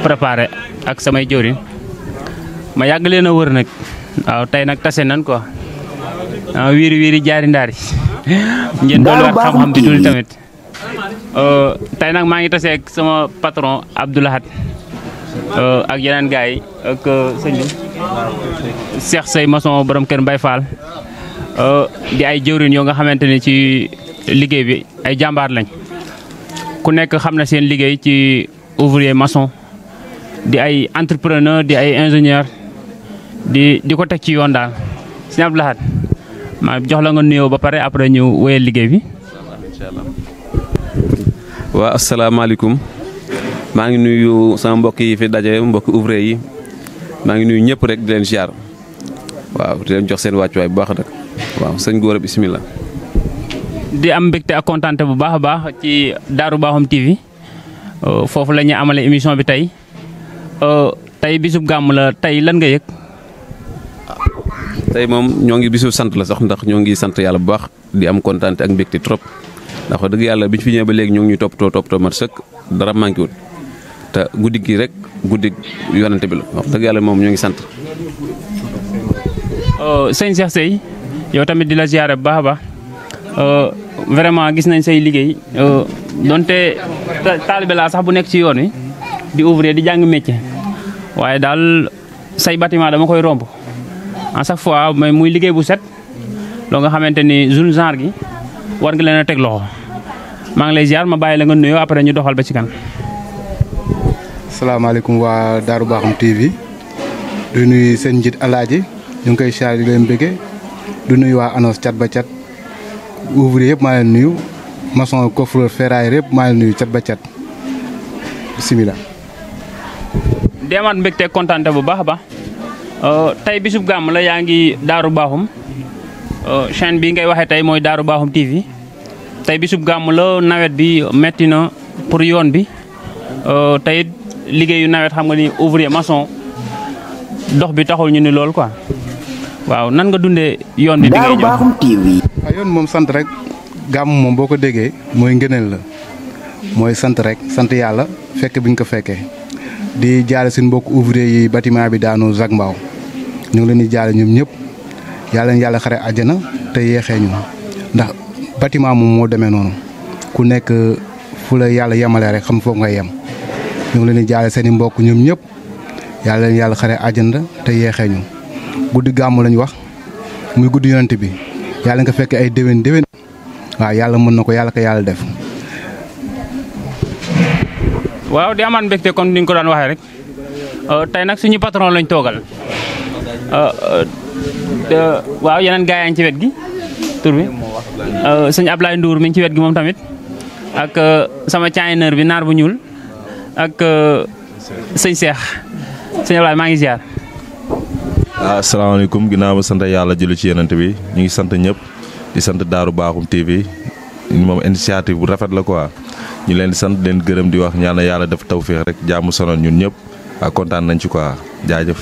préparé ak samay jori ma yag leena wër nak waaw tay nak tassé nan quoi ah wiri wiri jaari ndari ngeen do war xam xam di dul tamit euh oh, tay nak ma ngi tassé ak sama patron hat euh oh, ak yenen gaay ak uh, señ cheikh sey maçon borom kër mbay fall euh di ay jeurin yo nga xamanteni ci liggéey bi ay jambar lañ ku nek xamna seen liggéey ci ouvrier mason di ay entrepreneur di ay ingénieur di di ko teg ci yoon daal sëñ Abdou Lahad maa jox la nga nuyoo ba pare après ñu wéyal liggéey bi. waaw asalaamaaleykum maa ngi nuyu sama mbokk yi fi daje mbokki ouvrier yi maa ngi nuyu ñëpp rek di leen ziar waaw di leen jox seen wàccuwaay bu baax nag waaw sëñ Gora bisimilah. di am mbégte ak kontaante bu baax baax ci Darou Bakhoum TV. Euh, fofu lañu amalé émission bi euh tay bisub gam la tay lan nga yek tay mom ñongi bisub sante la sax ndax ñongi sante yalla bu baax di am contante ak mbégte trop ndax dëgg yalla biñ fi ñëw ba léegi ñoo top ñuy top to mar sëkk dara manki wut ta guddig gi rek guddig yonante bi la wax yalla mom ñongi sante euh seigne Cheikh sey yow tamit di la ziaré bu baax euh, vraiment gis nañ sey liggéey. Euh, donte talibé la sax bu nek ci yoon wi di ouvrier di jang métier waye dal say bâtiment dama koy romb en chaque fois mais muy liggéey bu set lo nga xamanteni ni zone genre gi war nga leena tek loxo ma ngi lay ziar ma bàyyi la nga nuyo après ñu doxal ba ci kan alaykum wa daru baxam tv du nuy sen njit aladi ñu ngi koy di leen bëgge du nuy wa annonce chat ba chat ouvrier yépp ma leen nuyu maçon coffreur ferraille yëpp maa ngi nuyu cat ba cat bisimilah. deemaat mbégte kontaan bu baax a baax euh, tey bisub gàmm la yaa ngi Daaru Baaxum euh, chaîne bi ngay waxe tey mooy Daaru Baaxum TV tey bisub gàmm la nawet bi metti na pour yoon bi euh, tey liggéeyu nawet xam nga ni ouvrier maçon dox bi taxul ñu ni loolu quoi waaw nan nga dunde yoon bi. bi Daaru Baaxum TV. Ah, yoon moom sant rek. gàmm moom boo ko déggee mooy ngëneel la mooy sant rek sant yàlla fekk bi ñu ko fekkee di jaale seen mbokk ouvrier yi bâtiment bi daanu Zac Mbao ñu ngi leen di jaale ñoom ñëpp yàlla yàlla xare àjjana te yeexee ñu ndax bâtiment moom moo demee noonu ku nekk fu la yàlla yemalee rek xam foog nga yem ñu ngi leen di seen i mbokk ñoom ñëpp yàlla leen yàlla xare àjjana te yeexee ñu guddi gàmm lañu wax muy guddi yonent bi yàlla nga fekk ay déwén déwén wa yalla mën nako yalla yàlla ko yàlla def. waaw di amane bekté kon ni ngi ko dan waxé rek euh tay nak suñu patron lañ togal euh, euh euh waaw yenen gaay yaa ci wét gi tour bi euh sëñ Ablaye Ndour mi ci wét gi mom tamit ak euh, sama chainer bi nar bu ñuul ak euh, sëñ Cheikh sëñ Ablaye ma ngi ziar. assalamu ah, alaykum ma sant yalla jël ci yenen bi ñi ngi sant ñëpp. di sant Daaru Bakhoum TV moom initiative bu rafet la quoi ñu leen sant leen gërëm di wax ñaan yàlla def tawféex rek jaamu sonal ñun ñëpp ak kontaan nañ ci quoi jaajëf.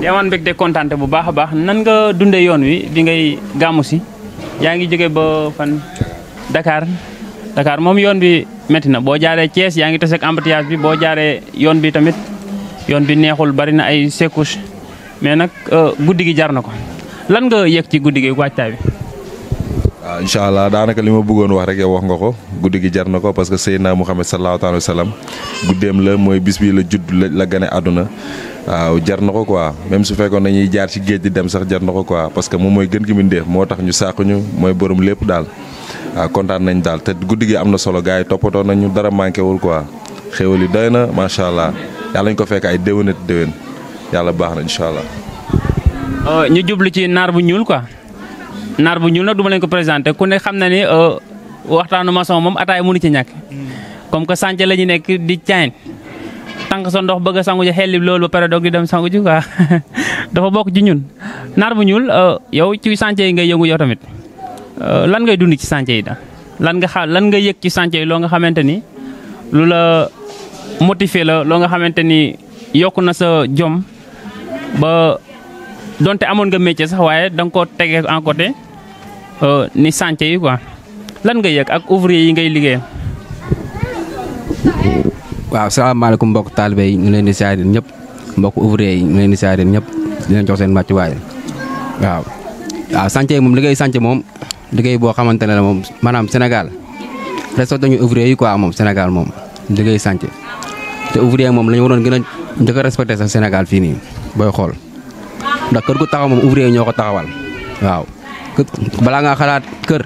deemaan mbég de kontaante bu baax a baax nan nga dundee yoon wi di ngay gàmmu si yaa ngi jóge ba fan dakaar Dakar moom yoon bi métti na boo jaaree Thiès yaa ngi tase ak embouteillage bi boo jaaree yoon bi tamit yoon bi neexul bari na ay secouche mais nag euh, guddi gi jar na ko. lan nga yëg ci guddi gi waajtaay bi. waaw ah, incha allah daanaka li ma bëggoon wax rek yow wax nga ko guddi gi jar na ko parce que Seydina Muhammad sallallahu alayhi wa sallam guddeem la mooy bis bi la judd la gane àdduna waaw ah, jar na ko quoi même su fekkoon nañuy jaar ci géej di dem sax jar na ko quoi parce que moom mooy gën gi mbindéef moo tax ñu sàq mooy borom lépp daal ah, kontaan nañ daal te guddi gi am na solo gars yi toppatoo nañu dara manqué wul quoi xéwal yi doy na macha allah yàlla ñu ko fekk ay déwénat déwén yàlla baax na incha allah. Euh, ñu jublu ci naar bu ñuul quoi naar bu ñuul nag duma leen ko présenté ku ne xam na ni euh, waxtaanu maçon moom ataay mënu ci ñàkk. comme que sànce la ñu nekk di caayin tànk sa ndox bëgg a sangu ji xelli loolu ba pare doog di dem sangu ji dafa bokk ci ñun. naar bu ñuul euh, yow ci sànce yi ngay yëngu yow tamit lan ngay dund ci sànce yi daal lan nga xa lan nga yëg ci sànce yi loo nga xamante ni lu la motivé la loo nga xamante ni yokk na sa jom ba. donte amoon nga métier sax waaye da nga koo tegee en côté euh, ni sanc yi quoi lan nga yëg ak ouvrier yi ngay liggéey. waaw salaamaaleykum mbokk taalibe yi ñu leen di saa ñëpp mbokk ouvrier yi ñu leen di ñëpp di leen jox seen màccuwaay waaw. waaw chantier moom liggéey sanc moom liggéey boo xamante ne la moom maanaam senegal restau dañu ouvrier yi quoi moom senegal moom liggéey chantier te ouvrier moom lañu ñu waroon gën a njëkk a respecté sax Sénégal fii nii booy xool. ndax kër gu taxaw moom ouvrier ñoo ko taxawal waaw balaa ngaa xalaat kër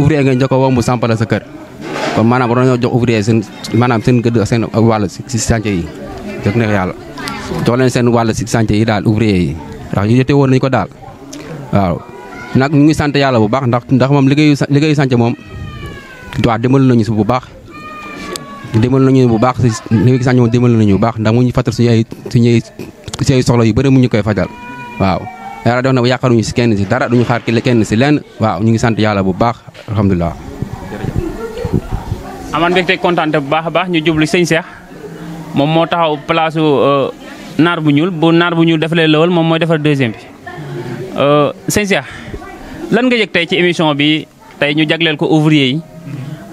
ouvrier nga njëkk a womb sampala sa kër kon maanaam a nañoo jox ouvrier seen maanaam seen gëdd seen wàll si chantier yi jox neex yàlla jox leen seen wàll si chantier yi daal ouvrier yi ndax ñu jotee woon nañu ko daal waaw nag ñu ngi sant yàlla bu baax ndax ndax moom liggéeyu liggéeyu chantier moom waaw dimbali nañu si bu baax dimbali nañu bu baax si liggéeyu chantier moom dimbali nañu bu baax ndax mu ñu fàttal suñu ay suñu ay soxla yu bëri mu ñu koy fajal waaw yàlla def na yàqaruñu si kenn si dara duñu xaar kenn si lenn waaw ñu ngi sant yàlla bu baax alhamdulilah. aman mbégte kontaan bu baax a baax ñu jublu sëñ Cheikh moom moo taxaw place euh, naar bu ñuul bu naar bu ñuul defalee lawal moom mooy defar deuxième bi euh, sëñ Cheikh lan nga yëg tey ci émission bi tey ñu jagleel ko ouvrier yi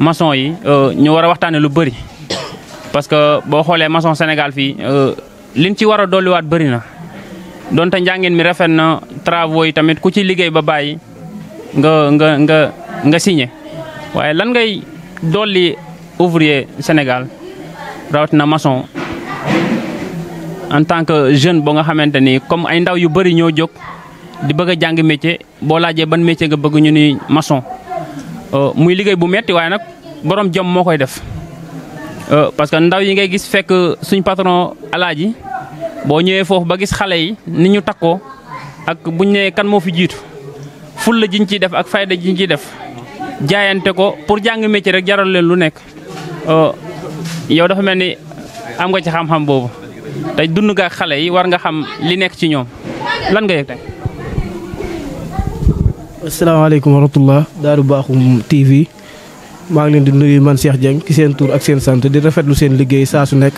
maçon yi euh, ñu war a waxtaane lu bëri parce que boo xoolee maçon Sénégal fii liñ ci war a dolliwaat bëri na donte njàngin mi rafet na travaux yi tamit ku ci liggéey ba bàyyi nga nga nga nga signé waaye lan ngay dolli ouvrier Sénégal na maçon en tant que jeune boo nga xamante ni comme ay ndaw yu bëri ñëw jóg di bëgg a jàng métier boo laajee ban métier nga bëgg ñu ni maçon euh, muy liggéey bu metti waaye nag borom jom moo koy def euh, parce que ndaw yi ngay gis fekk suñ patron alaaji bo ñëwee fofu ba gis xalé yi ni ñu takko ak bu ne kan mo fi jitu ful la jiñ ci def ak fayda jiñ ci def jaayante ko pour jang métier rek jaral leen lu nekk euh, yow dafa melni am nga ci xam-xam bobu tay dund nga xalé yi war nga xam li nekk ci ñom lan nga tay assalamu alaykum wa rahmatullah daru baxum TV ma ngi leen di nuyu man Cheikh jeng ci sen tour ak sen sante di rafetlu sen liggey sa su nekk.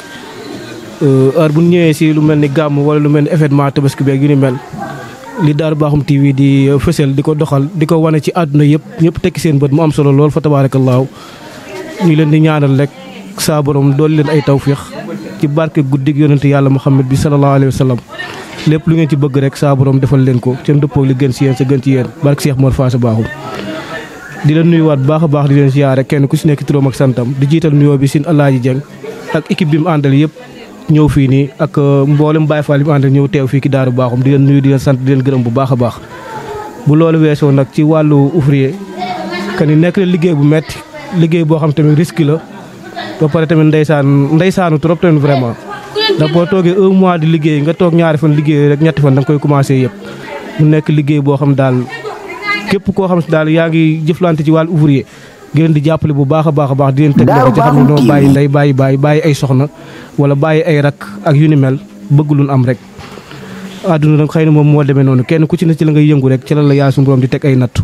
Euh, heure bu ñëwee si lu mel ni gàmm wala lu mel ni événement tabaski beeg yu ni mel li Darou Bakhoum TV di euh, fësal di ko doxal di ko wane ci àdduna yëpp ñëpp tekki seen bët mu am solo lool fa tabaarakallaahu ñu leen di ñaanal rek saa borom dooli leen ay tawféex ci barke guddig yonent yàlla Muhammad bi sallallahu alayhi wa lépp lu ngeen ci bëgg rek saa defal leen ko seen dëppoo li gën si yéen sa gën ci yeen barke Cheikh Mor Faasa Bakhoum di leen nuyuwaat baax a baax di leen siyaare kenn ku si nekk turam ak santam di jiital nuyoo bi sin Alaaji Jeng ak équipe bi mu àndal yëpp ñew fi ni ak euh, mbolam Baye Fall bi and ñew tew fi ki daaru baxum di leen nuyu di leen sante di leen gërëm bu baaxa baax bu loolu wéso nak ci walu ouvrier que ni nekk na liggéey bu metti liggéey bo xam tamit risque la ba paré tamit ndeysaan ndeysaanu trop tamit vraiment da bo togué un mois di liggéey nga tok ñaari fan liggéey rek ñetti fan dang koy commencé yépp mu nekk liggéey bo xam dal képp ko xam dal yaangi jëflanté ci walu ouvrier di di jàppale bu baax a baax a baax di leen teg loxo ci xam ne doo bàyyi ndey bàyyi bàyyi ay soxna wala bàyyi yu ni mel bëgg lu am rek àdduna nag xëy na moom moo demee noonu kenn ku ci ne ci la ngay yëngu rek ci lan yaa suñu borom di teg ay natt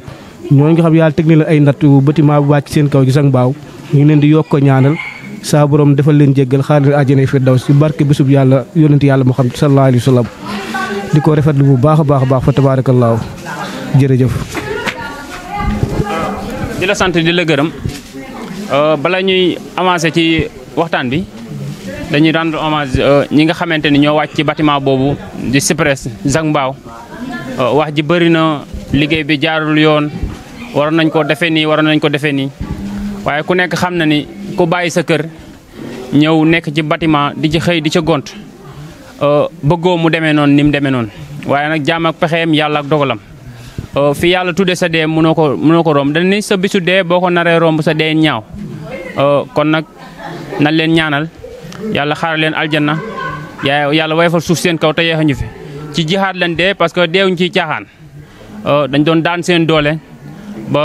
ñooñu nga xam yàlla teg na leen ay natt bu wàcc seen kaw gi sax mbaaw ñu ngi leen di yokk ko saa borom defal leen jéggal xaar leen àjjana firdaws ci barke bisub yàlla yonent yàlla moo xam sallallahu alayhi wa sallam di ko rafetlu bu baax a baax a baax fa tabaarakallaahu jërëjëf di la sant di la gërëm euh, bala ñuy avancé ci waxtaan bi dañuy rendre hommage euh, ñi nga xamante ni ñoo wàcc ci bâtiment boobu di Sipres Zac mbaaw euh, wax ji bëri na liggéey bi jaarul yoon waroon nañ ko defee nii waroon nañ ko defee nii waaye ku nekk xam na ni ku bàyyi sa kër ñëw nekk ci bâtiment di ci xëy di ca gont bëggoo mu demee noonu ni mu demee noonu waaye nag jaam ak yàlla ak fi yàlla tudde sa dee mënoo ko mënoo ko romb dañ ni sa bisu dee boo ko naree romb sa dee ñaaw kon nag nañ leen ñaanal yàlla xaaral leen aljanna yaa yàlla way fa suuf seen kaw te yeex ñu fi ci jihaad leen dee parce que deewuñ ciy caaxaan dañ doon daan seen doole ba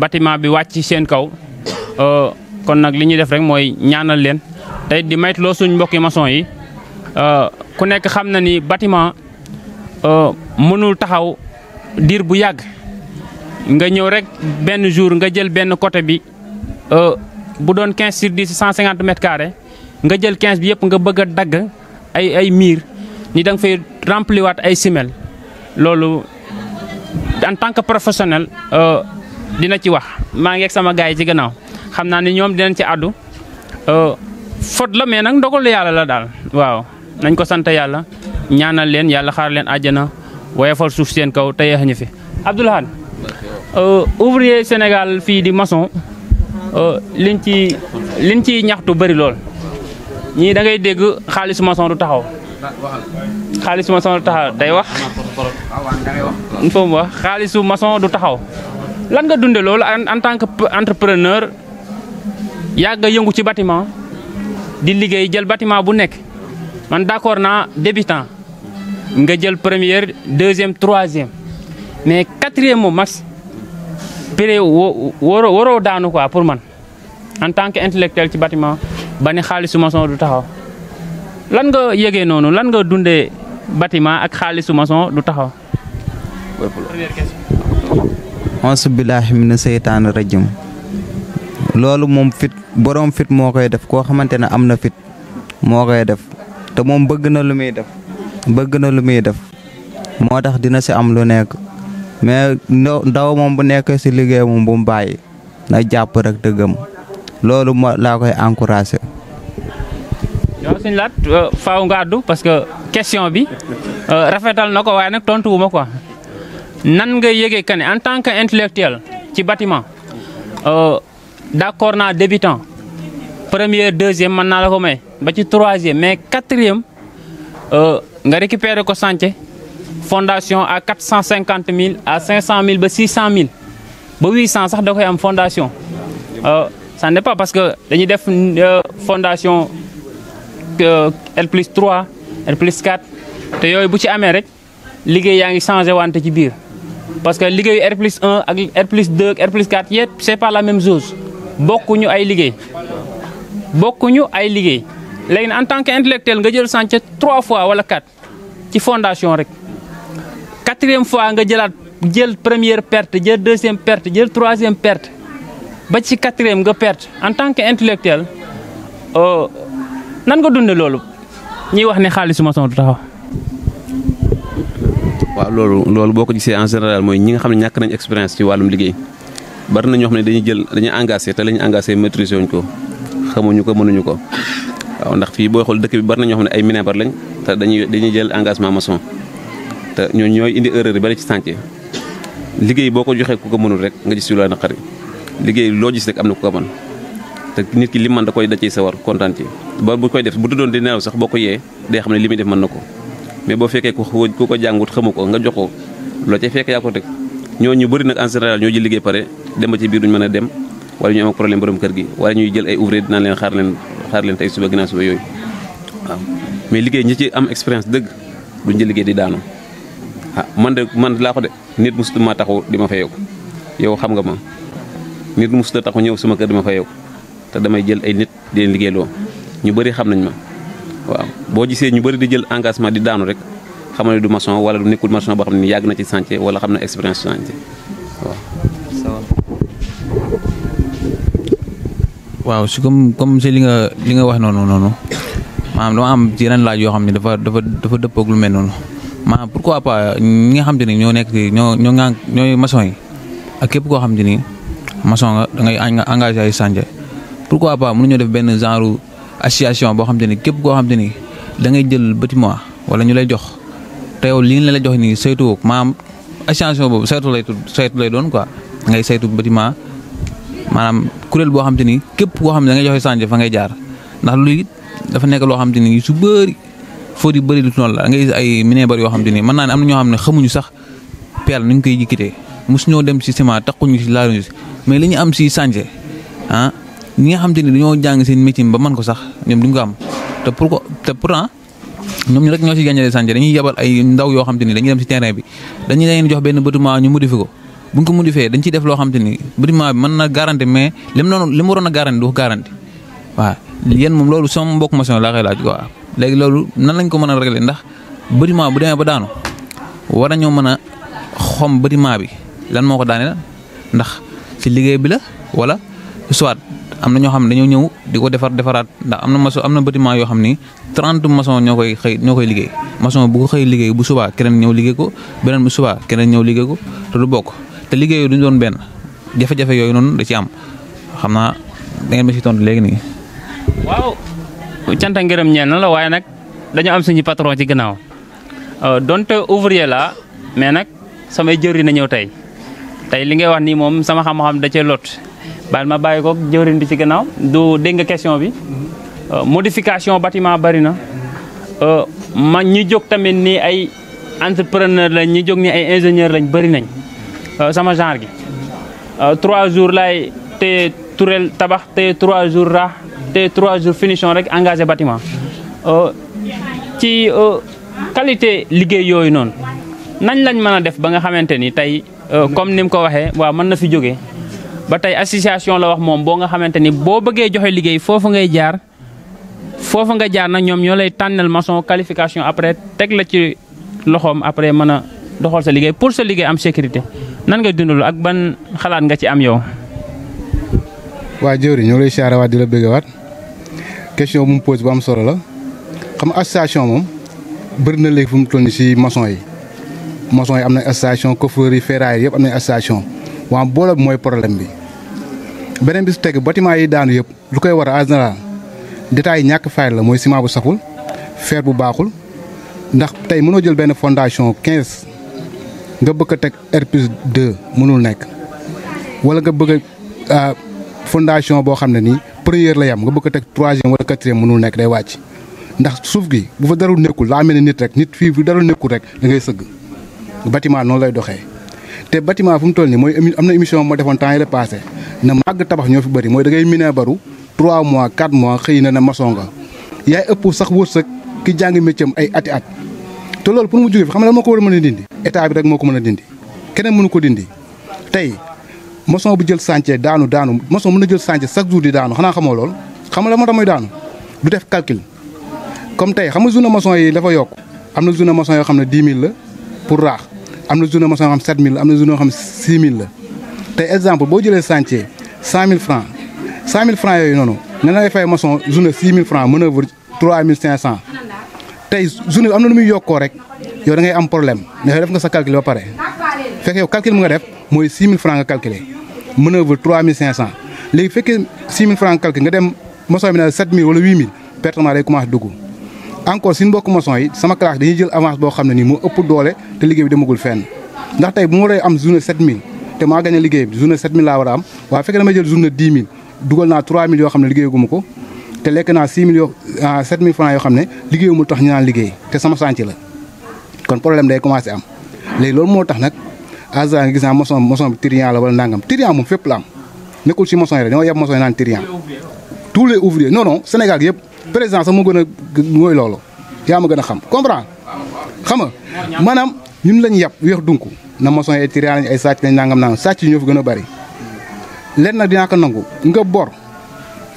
bâtiment bi wàcc seen kaw kon nag li ñu def rek mooy ñaanal leen tey di maytloo suñ mbokki maçon yi ku nekk xam na ni bâtiment mënul taxaw dir bu yag nga ñew rek ben jour nga jël ben côté bi euh, bu doon 15 sur 10 150 mètres carrés nga jël 15 bi yépp nga bëgg dag ay ay mur ni dang fay fay wat ay simel lolu en tant que professionnel euh, dina ci wax ma ngi ak sama gaay ci gënaaw xamna ni ñom dinañ ci addu euh, fot la mais nag ndogalu yalla la dal waaw nañ ko sante yalla ñaanal leen yalla xaar leen aljana woyofal souf sen kaw te fi ñu han euh ouvrier Senegal fi di maçon euh, liñ ci liñ ci ñaxtu bari lol ñi da ngay dégg khalis maçon du taxaw khalis maçon du taxaw day wax fo mu wax xaalisu maçon du taxaw lan nga dundé lol en tant que entrepreneur nga yëngu ci bâtiment di liggéey jël bâtiment bu nek man d'accord na débutant nga jël première deuxième troisième mais quatrième moom max pré waroo waroo daanu ko pour man en tant que intellectuel ci bâtiment ba ni xaalisu maçon du taxaw lan nga yëgee noonu lan nga dundee bâtiment ak xaalisu maçon du taxaw ansu billaahi na seytaani rajim loolu moom fit boroom fit moo koy def koo xamante ne am na fit moo koy def te moom bëgg na lu muy def bëgg na lu muy def moo tax dina si am lu nekk mais ndaw moom bu nekk si liggéey moom bu mu na jàpp rek dëggam loolu moo laa koy encouragé. yow suñ laat euh, faaw nga parce que question bi euh, rafetal na ko waaye nag tontuwuma wu nan nga yëgee que ne en tant que intellectuel ci bâtiment euh, d'accord naa débutant première deuxième mën naa la ko may ba ci troisième mais quatrième. nga récupérer ko santé fondation à 450 000 à 500 000 ba 600 000 ba 800 sax da koy am fondation euh, ça n'est pas parce que dañuy def euh, fondation euh, r plus 3 r 4 te yoy bu ci amé rek liguey yaa ngi wante ci parce que liguey R 1 R 2 R plus 4 ce n'est pas la même chose bokkuñu ay sont bokkuñu ay liguey léegi en tant qu'intellectuel, nga jël trois fois wala quatre ci fondation rek quatrième fois nga jëlat jël première perte jël deuxième perte jël troisième perte ba ci quatrième nga perte en tant que intellectuel euh, nan nga dund lolu ñi wax xaliss ma son do taxaw wa lolu lolu boko gisé en général moy ñi nga xamni ñak nañ expérience ci walum liggéey bar na ñoo xam dañuy jël dañuy engager té lañu engager maîtriser wuñ ko xamuñu ko mënuñu ko waaw ndax fii booy xool dëkk bi bari na ñoo xam ne ay minebar lañ te dañuy dañuy jël engagement ma maçon te ñoo ñooy indi erreur yi bari ci chantier liggéey boo ko joxee ku ko mënul rek nga gis si lu la naqari liggéey loo ji rek am na ku ko man te nit ki li mën da koy da ciy sawar kontaan ci ba bu koy def bu tuddoon di nelaw sax boo ko yee day xam ne li muy def mën na ko mais boo fekkee ku ku ko jàngut xamu ko nga jox ko loo cay fekk yaa ko teg ñoo ñu bëri nag en ñoo ji liggéey pare dem ba ci biir duñu mën a dem wala ñu am borom kër gi wala ñuy jël ay ouvrier dinaa leen xaar leen xaar leen tey suba ginnaaw suba yooyu waaw mais liggéey ñi ci am expérience dëgg duñ ci liggéey di daano ah man de man laa ko de nit mosut ma taxu di ma fa yow yow xam nga ma nit mosut taxu ñëw suma kër di ma fa yow te damay jël ay nit di leen liggéey loo ñu bëri xam nañ ma waaw boo gisee ñu bari di jël engagement di daanu rek xam ne du maçon wala du nekkul maçon boo xam ne yàgg na ci chantier wala xam na expérience chantier waaw si comme comme si li nga li nga wax noonu noonu maanaam dama am ci yeneen laaj yoo xam ne dafa dafa dafa dëppoog lu mel noonu maanaam pourquoi pas ñi nga xam te ni ñoo nekk ñoo ñoo ŋànk ñooy maçon yi ak képp koo xam te ni maçon nga da ngay engagé ay chantier pourquoi pas ñoo def benn genre association boo xam te ni képp koo xam te ni dangay jël batiment wala ñu lay jox te yow li ñu la jox nii saytu maam association boobu saytu lay tudd saytu lay doon quoi ngay saytu bâtiment maanaam kuréel boo xam te ni képp koo xam ne da ngay joxe change fa ngay jaar ndax loolu dafa nekk loo xam te ni su bëri fóot yu bëri du noonu la da ngay gis ay yoo xam te ni mën naa ne am na ñoo xam ne xamuñu sax peel ni ñu koy jikkitee mos ñoo dem si ciment taquñu si laaluñu si mais li ñu am si change ah ñi nga xam te ni dañoo jàng seen métier ba man ko sax ñoom duñ ko am te pour te pourtant ñoom ñu rek ñoo si gàncax gi dañuy yabal ay bi dañuy leen jox benn bâtiment ñu modifié ko bu ñu ko modifié dañ ciy def loo xam te ni bâtiment bi mën na garanti mais lem mu noonu li mu waroon a garanti du ko garanti waaw moom loolu soo mbokk maçon laa koy laaj quoi léegi loolu nan lañ ko mën a réglé ndax bâtiment bu demee ba daanu war nañoo mën a xom bâtiment bi lan moo ko daaneel ndax si liggéey bi la wala soit am na ñoo xam ne dañoo ñëw di ko defar defaraat ndax am na maçon am na bâtiment yoo xam ni trente maçon ñoo koy xëy ñoo koy liggéey maçon bu ko xëy liggéey bu subaa keneen ñëw liggéey ko beneen bu subaa keneen ñëw liggéey ko te du bokk. te liggéey duñ doon benn jafe-jafe yooyu noonu da ci am xam naa da ngeen ma léegi nii. waaw canta ngërëm ñeen la waaye nag dañu am suñu patron ci gannaaw euh, donte ouvrier la mais nag samay jëwriñ a ñëw tey tey li ngay wax nii moom sama xam-xam da cee lot baal ma bàyyi ko jëwriñ bi ci gannaaw du dégg nga question bi euh, modification batiment bari na euh, ma ñi jóg tamit nii ay entrepreneur lañ ñi jóg ni ay ingénieur lañ bari nañ. Euh, sama genre gi euh, trois jours lay te turel tabax te trois jours raax téye trois jours finition rek engagé bâtiment euh, ci qualité liggéey yooyu noonu nañ lañ mën a def ba nga xamante ni tey comme ni mu ko waxee waa mën na fi jóge ba tey association la wax moom boo nga xamante ni boo bëggee joxe liggéey foofu ngay jaar foofu nga jaar na ñoom ñoo lay tànnal maçon qualification après teg la ci loxoom après mën a doxal sa liggéey pour sa liggéey am sécurité nan nga dundul ak ban xalaat nga ci am yow. waa jëwri ñoo lay siyaare waat di la bëggewaat question bu mu pose bu am solo la xam association moom bëri na léegi fu mu toll nii si maçon yi maçon yi am na association coiffeur yi ferraille yëpp am na association waa boole bi mooy problème bi. beneen bi su teg bâtiment yi daanu yëpp lu koy war a en général détails yi ñàkk fayal la mooy ciment bu saful fer bu baaxul ndax tey mënoo jël benn fondation 15. nga bëgg a teg R plus 2 mënul nekk wala nga bëgg a ah, fondation boo xam ne ni première la yam nga bëgg a teg troisième wala quatrième mënul nekk day wàcc ndax suuf gi bu fa darul nekku laa mel ne nit rek nit fii bu darul nekkul rek da ngay sëgg bâtiment noonu lay doxee te bâtiment fu mu toll ni mooy am na émission moo defoon temps yi passé na màgg tabax ñoo fi bëri mooy da ngay miné baru 3 mois 4 mois xëy na na maçon nga yaay ëpp sax wërsëg ki jàng métier ay ati at te loolu pour mu jógee fi xam nga lan moo ko a mën a dindi état bi rek moo ko mën a dindi keneen mënu ko dindi tey maçon bu jël chantier daanu daanu maçon mën a jël sance chaque jour di daanu xanaa xamoo lool xam nga la moo tax muy daanu du def calcul comme tey xam nga journée maçon yi dafa yokk am na journée maçon yoo xam ne 10 000 pour raax am na journée maçon yoo xam am na journée xam ne 6 000 la tey exemple boo jëlee chantier 100 000 francs 100 francs yooyu noonu nga lay fay maçon journée 6 000 francs manœuvre 3 500 tey journée bi am na nu muy yokkoo rek yow da ngay am problème ndax yow def nga sa calcul ba pare fekk mu nga def mooy 6000 francs nga calculer manœuvre 3500 léegi fekkee 6000 francs calcul nga dem moson bi na 7000 wala 8000 pertement day commencé dugg encore suñu mbokk maçon yi sama classe dañuy jël avance boo xam ne nii moo ëpp doole te liggéey bi demagul fenn ndax tey bu ma waree am journée 7000 te maa gagné liggéey bi journée 7000 laa war a am waaye fekk naa yoo xam ko te lekk naa six mille ah sept mille yoo xam ne liggéeyumul tax ñu naan liggéey te sama sànc la kon problème day commencé am léegi loolu moo tax nag asa nga gis naa maçon maçon bi trian la wala nangam trian moom fépp la am nekkul si maçon yi rek dañoo yab maçon yi naan trian tous les ouvriers non non Sénégal yëpp président sax gën a mooy loolu yaa ma gën a xam comprendre xam nga maanaam ñun lañu yab weex dunk na maçon yi ay trian ay sàcc lañ nangam naan sàcc ñoo fi gën a bëri lenn nag dinaa nangu nga bor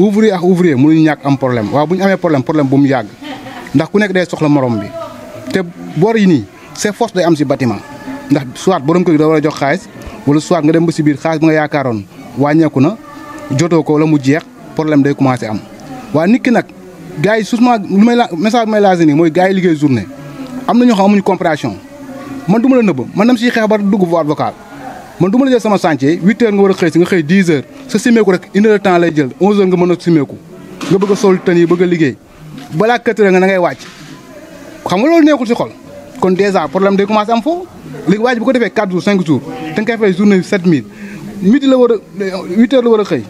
ouvrier ak ouvrier mënuñu ñàkk am problème waaw bu ñu amee problème problème bu mu yàgg ndax ku nekk day soxla morom bi te boor yi nii c'est force day am si bâtiment ndax soit borom kër gi da war jox xaalis wala soit nga dem ba si biir xaalis bi nga yaakaaroon wàññeeku na jotoo ko la mu jeex problème day commencé am waa nikki nag gars yi souvent lu may la message bi may laajte nii mooy gars yi liggéey journée am na ñoo xam amuñu compréhension man du ma la nëbb man dama siy xeex ba dugg voie vocale man du ma la jël sama chantier huit nga war a xëy si nga xëy dix heures sa simeeku rek une heure temps lay jël onze nga mën a simeeku nga bëgg a sol tën yi bëgg a liggéey balaa quatre nga na ngay wàcc xam nga loolu neexul si xol kon dèjà problème day commencé am foofu léegi waaj bu ko defee quatre jours cinq jours da nga koy fay la war a huit la war a xëy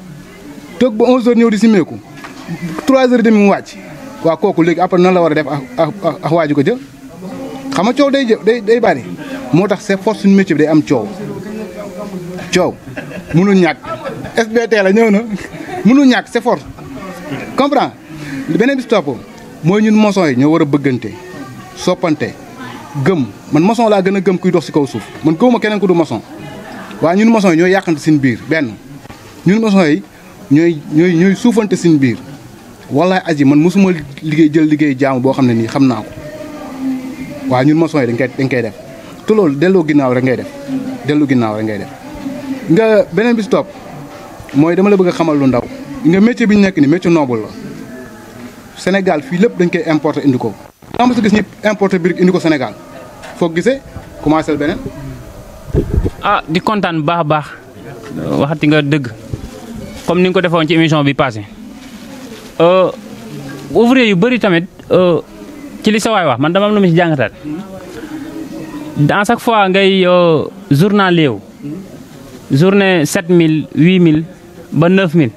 toog ba onze heures ñëw di simeeku trois heures et demi mu wàcc waaw kooku léegi après nan la war a def ak waaju ko jël xam nga coow day jë day day bari moo tax c'est force suñu métier day am coow coow mënul ñàkk SBT la ñëw na mënul ñàkk c'est fort beneen bi si topp mooy ñun moson yi ñoo war a bëggante soppante gëm man maçon laa gën a gëm kuy dox si kaw suuf man gëwuma keneen ku du maçon waa ñun maçon yi ñooy yàqante seen biir benn ñun maçon yi ñooy ñooy ñooy suufante seen biir wallaay aji man mosuma liggéey jël liggéey jaamu boo xam ne nii xam naa ko waa ñun moson yi dañ koy dañ koy def te loolu delloo ginnaaw rek ngay def dellu ginnaaw rek ngay def nga beneen bi si mooy dama la bëgg a xamal lu ndaw nga métier bi ñu nekk ni métier noble la Sénégal fii lépp dañ koy importe indi ko. daa ma sa gis ñi indi ko Sénégal foog gisee commencé beneen. ah di kontaan baax a baax waxati nga dëgg comme ni nga ko defoon ci émission bi passé euh, ouvrier yu bëri tamit euh, ci li sa wax man dama am lu ma ci jàngataat dans chaque fois ngay euh, journalier wu journée 7000 8000 ba 9000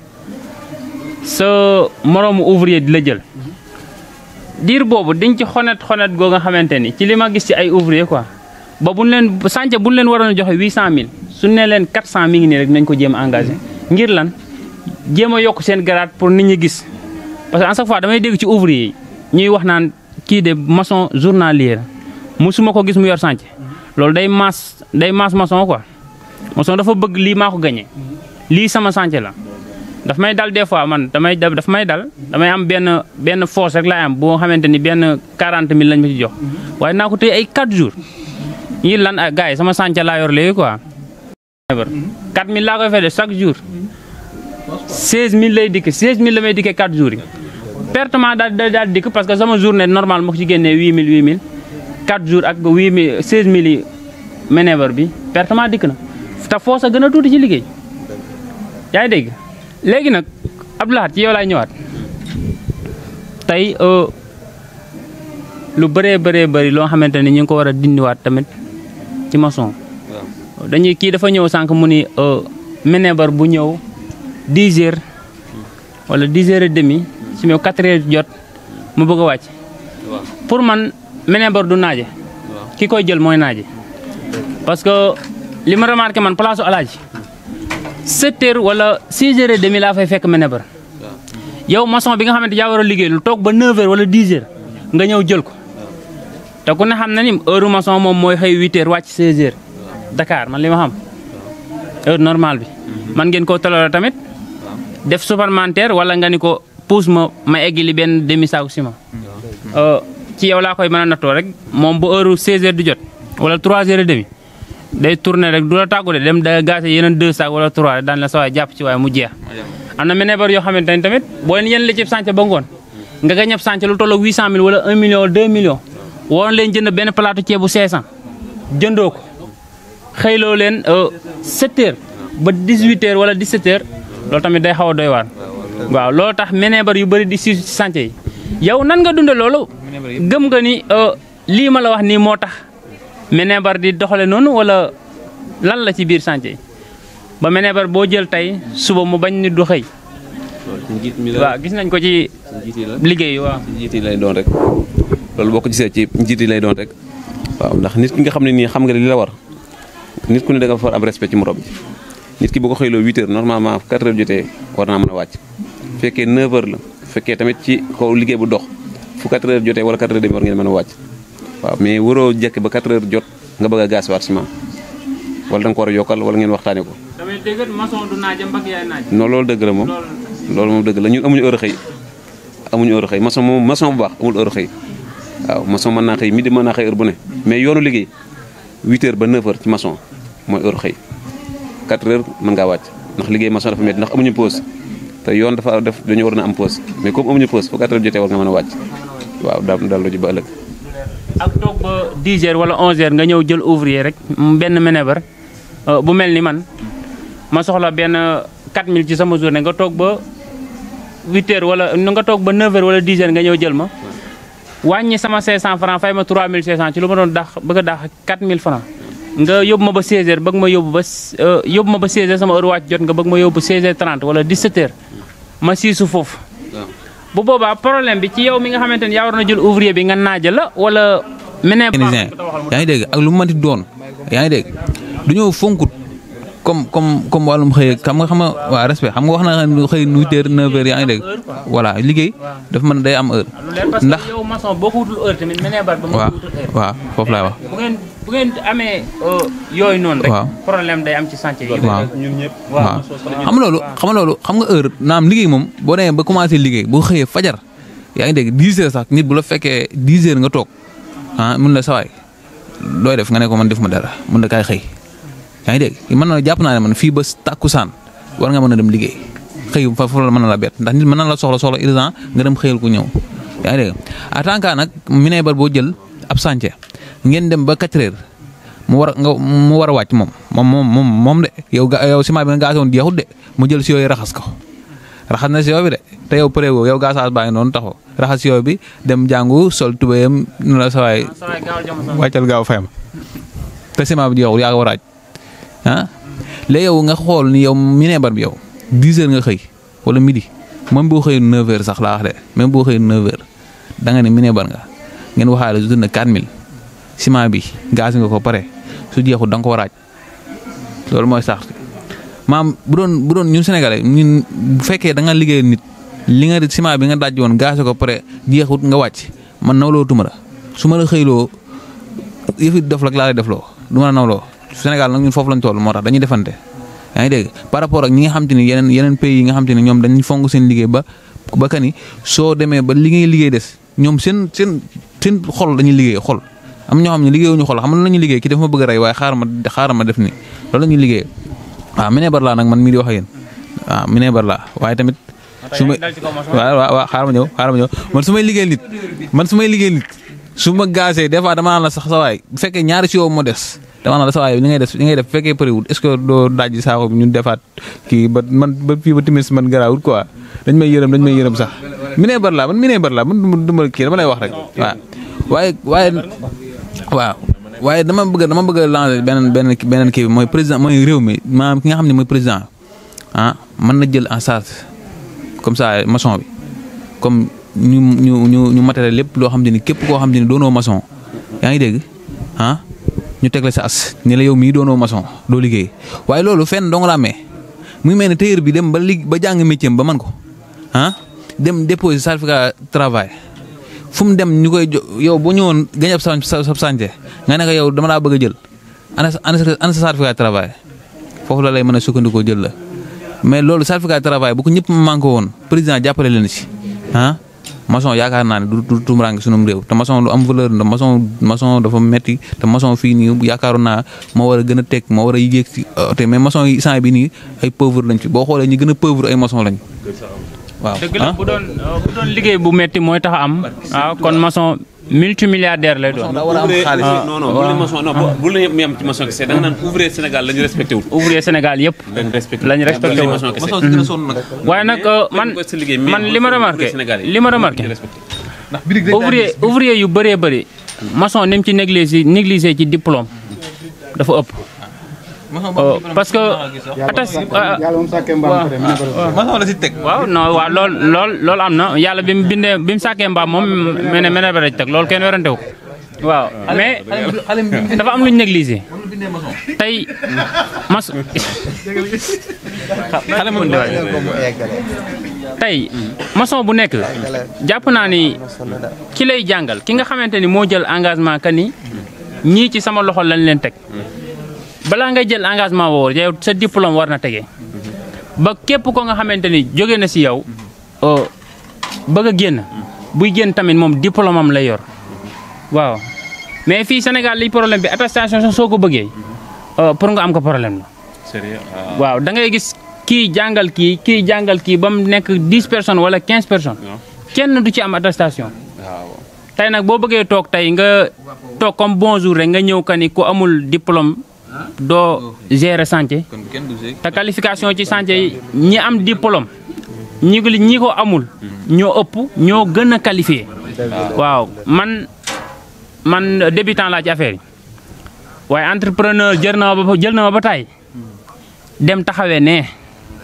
sa moroomu ouvrier di la jël diir boobu dañ ci xonet xonet goo nga xamante ni ci li ma gis ci ay ouvrier quoi ba bu leen sànce buñ leen waroon a joxe 800000 suñ ne leen 400 mi ngi nii rek nañ ko jéem a engagé ngir lan jéem a yokk seen garaat pour ni ñi gis parce que en fois damay dégg ci ouvrier ñuy wax naan kii de maçon journalier musuma ko gis mu yor sànce loolu day maas day maas maçon quoi. mosoon dafa bëgg lii maa ko gañe lii sama sànce la daf may dal des fois man damay dafa may dal damay am benn benn force rek laay am boo xamante ni benn quarante mille lañ ma ci jox waaye naa ko téye ay 4 jours ñii lan ak ah, gars yi sama sànce laa yor léegi quoi. 4 mille laa jour 16 mille lay dikkee 16 mille la may dikkee 4 jours yi pertement daal di daal dikk parce que sama journée normal moo ko ci génnee 8 mil 8 mille 4 jours ak 8 mille 16 mille yi manœuvre bi pertement dikk na. te foo sa gën a tuuti ci liggéey yaa ngi dégg léegi nag Abdou ci yow laay ñëwaat tey euh, lu bëree bëree bëri loo xamante ni ñu ngi ko war a dindiwaat tamit ci maçon dañuy kii dafa ñëw sànq mu ni euh, ménébar bu ñëw dix heures wala dix heures et demi su quatre jot mu bëgg a wàcc pour man ménébar du naaje ki koy jël mooy naaje parce li ma remarqué man place su Alaaji sept heures wala six heures et demi laa fay fekk menebar yow maçon bi nga xamante yaa war a liggéey lu toog ba neuf heures wala dix heures nga ñëw jël ko te ku ne xam na ni heure maçon moom mooy xëy huit heures wàcc seize heures man li ma xam bi. man ngeen koo tolloole tamit def supplémentaire wala nga ni ko pousse ma ma eggi li benn demi saaku ciment mm. euh, ci yow laa koy mën a nattoo rek moom bu heure seize heures du jot wala trois heures et demi. day tourné rek du la tàggu de dem da gaase yeneen deux sacs wala daan la sa ci waaye mu jeex. am na meneen bar yoo xamante ne tamit boo leen yéen la cib sànq ba ngoon nga gañeeb sànq lu toll ak 800000 wala 1 million wala 2 millions waroon leen jënd benn plateau ceebu 500 jëndoo ko xëyloo euh, ba 18 heures wala 17 heures loolu tamit day xaw a doy waar. waaw loolu tax meneen yu bëri di si ci sànq yi yow nan nga dundee loolu nga ni euh, lii ma la wax moo tax. Ménébar di doxale noonu wala lan la ci biir chantier ba Ménébar boo jël tey suba mu bañ ni du xëy. waaw gis nañ ko ci liggéey waaw. ci njiit yi lay doon rek loolu boo ko gisee ci njiit lay doon rek waaw ndax nit ki nga xam ne nii xam nga li la war nit ku ne da nga fa am respect ci morom ji nit ki bu ko xëyloo 8 heures normalement 4 heures jotee war naa mën a wàcc bu fekkee 9 heures la bu fekkee tamit ci kow liggéey bu dox fu 4 heures jotee wala 4 heures demi war ngeen mën a wàcc. waaw mais waroo jekk ba 4 heures jot nga bëgg a gaas waat ciment wala da nga ko war a yokkal wala ngeen waxtaane ko damay dégg maçon du naaj mbak yaay naaj non loolu dëgg la moom loolu moom dëgg la ñun amuñu heure xëy amuñu heure xëy maçon moom maçon bu baax amul heure xëy waaw maçon mën naa xëy midi mën naa xëy heure bu ne mais yoonu liggéey 8 heures ba 9 heures ci maçon mooy heure xëy 4 heures mën ngaa wàcc ndax liggéey maçon dafa métti ndax amuñu pause te yoon dafa def dañu war na am pause mais comme amuñu pause fo 4 heures jotee war nga mën a wàcc waaw dal lu ji ba ëllëg ak toog ba 10 heures wala 11 heures nga ñëw jël ouvrier rek benn manœuvre euh, bu mel ni man ma soxla benn 4000 euh, ci sama journée nga toog ba 8 heures wala nga toog ba 9 heures wala 10 heures nga ñëw jël ma. wàññi sama 500 francs fay ma 3500 ci lu ma doon dàq bëgg a dàq 4000 francs nga yóbbu ma ba 16 heures bëgg ma yóbbu ba euh, yóbbu ma ba sama heure jot nga bëgg ma yóbbu 16 heures 30 wala 17 heures ma siisu foofu. bu boobaa problème bi ci yow mi nga xamante ni yaa war na jël ouvrier bi nga naaja la wala. meneen yaa ngi dégg ak lu mu mënti doon yaa ngi dégg dañoo fonkut comme comme comme wàllum xëy xam nga xam nga waaw respect xam nga wax na xëy nu 8h 9h yaa ngi dégg. voilà liggéey dafa mën day am heure. ndax yow maçon boo ko wutul heure tamit mën baat ba mu wutul heure. waaw foofu laay wax. bu ngeen bu ngeen amee yooyu noonu rek. problème day am ci chantier yi. waaw ñun ñëpp. waaw xam nga loolu xam nga loolu xam nga heure naam liggéey moom boo demee ba commencé liggéey boo xëyee fajar yaa ngi dégg 10h sax nit bu la fekkee 10h nga toog ah mun la sawaay looy def nga ne ko man def ma dara mun na kaay xëy yaa ngi dégg man na jàpp na man fibas takusan takkusaan war nga mën dem liggéey xey fa fa man la bet ndax nit man la soxla soxla urgent nga dem xëyal ku ñew yaa ngi atanka nak tant bar bo jël ab santé ngeen dem ba 4 heures mu war nga mu war wacc mom mom mom mom de yow yow sima bi nga gaasee woon de mu jël si raxas ko raxas na si bi de te yow pare yow gaasaas baa ngi non taxo raxas si bi dem jangu sol tubeyam nula saway sawaay gaaw fayam te sima bi jeexul ya ko war ah la nga xool ni yow mi bi yow dix heures nga xëy wala midi même boo xëyee neuf heures sax laa wax de même boo xëyee neuf danga da nga ne mi nee nga ngeen waxaale su dund quatre mille ciment bi gaz nga ko pare su jeexul da nga ko raaj loolu mooy sax maam bu doon bu doon ñun sénégalais ñun bu fekkee da nga liggéey nit li nga ciment bi nga daj woon gaz ko pare jeexut nga wàcc man nawloo tuma la su ma xëyloo yëfi dof la laa lay defloo du ma nawloo Senegal nak ñun fofu lañ tollu motax dañuy defante yaay deg par rapport ak ñi nga xamanteni yenen yenen pays yi nga xamanteni ñom ni ñoom dañuy fonk seen liggéey ba ba kan ni so démé ba li ngay liggéey dess ñom seen seen seen xol dañuy liggéey xol am ñoo xam ne wuñu xol xam nañu lañu liggéey ki dafa bëgg ray way xaarama xaarama def ni lolu lañuy ñuy liggéey waaw mi bar la nak man mi di wax yeen wa mine bar la waye tamit suma wa wa xaarama ñew xaarama ñew man su may liggéey nit man su may liggéey nit su ma gazee des fois dama naan la sax sa bu fekkee ñaari si yow moo des dama naan la sa waay li ngay def li ngay def fekkee përiwul est ce doo dajji saako bi ñun defaat kii ba man ba fii ba timis man garaawul quoi dañ may yërëm dañ may yërëm sax. mi nee bari laa man mi nee bari laa man waaye waaye waaw waaye dama bëgg dama bëgg a lancer beneen beneen beneen kii mooy président mooy réew mi maanaam ki nga xam ne mooy président ah man na jël en charge comme ça maçon bi ñu ñu ñu ñu matériel lépp loo xam ne ni képp koo xam ne ni doonoo maçon yaa ngi dégg ah ñu teg la sa as ne la yow mii doonoo maçon doo liggéey waaye loolu fenn dong la amee muy mel ne tailleur bi dem ba lig ba jàng métier ba man ko ah dem déposer certificat travail fu mu dem ñu koy yow boo ñëwoon gañ ab sab sànce nga ne ko yow dama laa bëgg a jël ana sa ana sa certificat travail foofu la lay mën a sukkandikoo jël la mais loolu certificat travail bu ko ñëpp ko woon président jàppale leen si ah maçon yaakaar naa ne du du tumuraange sunum réew te maçon lu am valeur la maçon maçon dafa metti te maçon fii nii yaakaaru naa moo war a gën a teg moo war a yéeg ci euh, te mais maçon yi sant bi nii ay pauvre lañ ci boo xoolee ñi gën a pauvre ay maçon lañ waaw dëgg la euh, bu doon liggéey bu metti mooy tax a am waaw ah, kon maçon multimilliardaire lay doon. non non bu la yëpp mu yem ci maçon kese da nga naan ouvrier Sénégal la ñu respecté wul. ouvrier Sénégal yëpp. la ñu respecté waaye nag euh, man man li ma remarqué li ma remarqué. ouvrier yu bëree bëri maçon ni mu ci négligé négligé ci diplôme dafa ëpp. Oh, parce que. waaw non waaw lool lool loolu am na yàlla bi mu bindee bi mu sàkkee mbaam moom mene mene ba daj teg loolu kenn werante wu waaw mais dafa am lu ñu négligé tey mas bu nekk jàpp naa ni ki lay jàngal ki nga xamante ni moo jël engagement que ni ñii ci sama loxo lañ leen teg bala nga jël engagement wo yow sa diplôme warna na tege ba képp ko nga xamanteni ni na ci yow euh, bëgg génn buy génn tamit mom diplôme am la yor waaw mais fi Sénégal li problème bi attestation sax soo ko euh, pour nga am ko problème la. Ah. waaw da ngay gis ki jangal ki ki jangal ki bam nek 10 personnes wala 15 personnes. kenn du ci am attestation. tay nak bo beugé tok tay nga tok comme bonjour rek nga ñew amul diplôme. doo gérer chantier te qualification ci chantier yi ñi am diplôme ñi ko ñi ko amul ñoo ëpp ñoo gën a qualifié waaw man man débutant laa ci waaye entrepreneur jël na ma ba jël na ba tey dem taxawe ne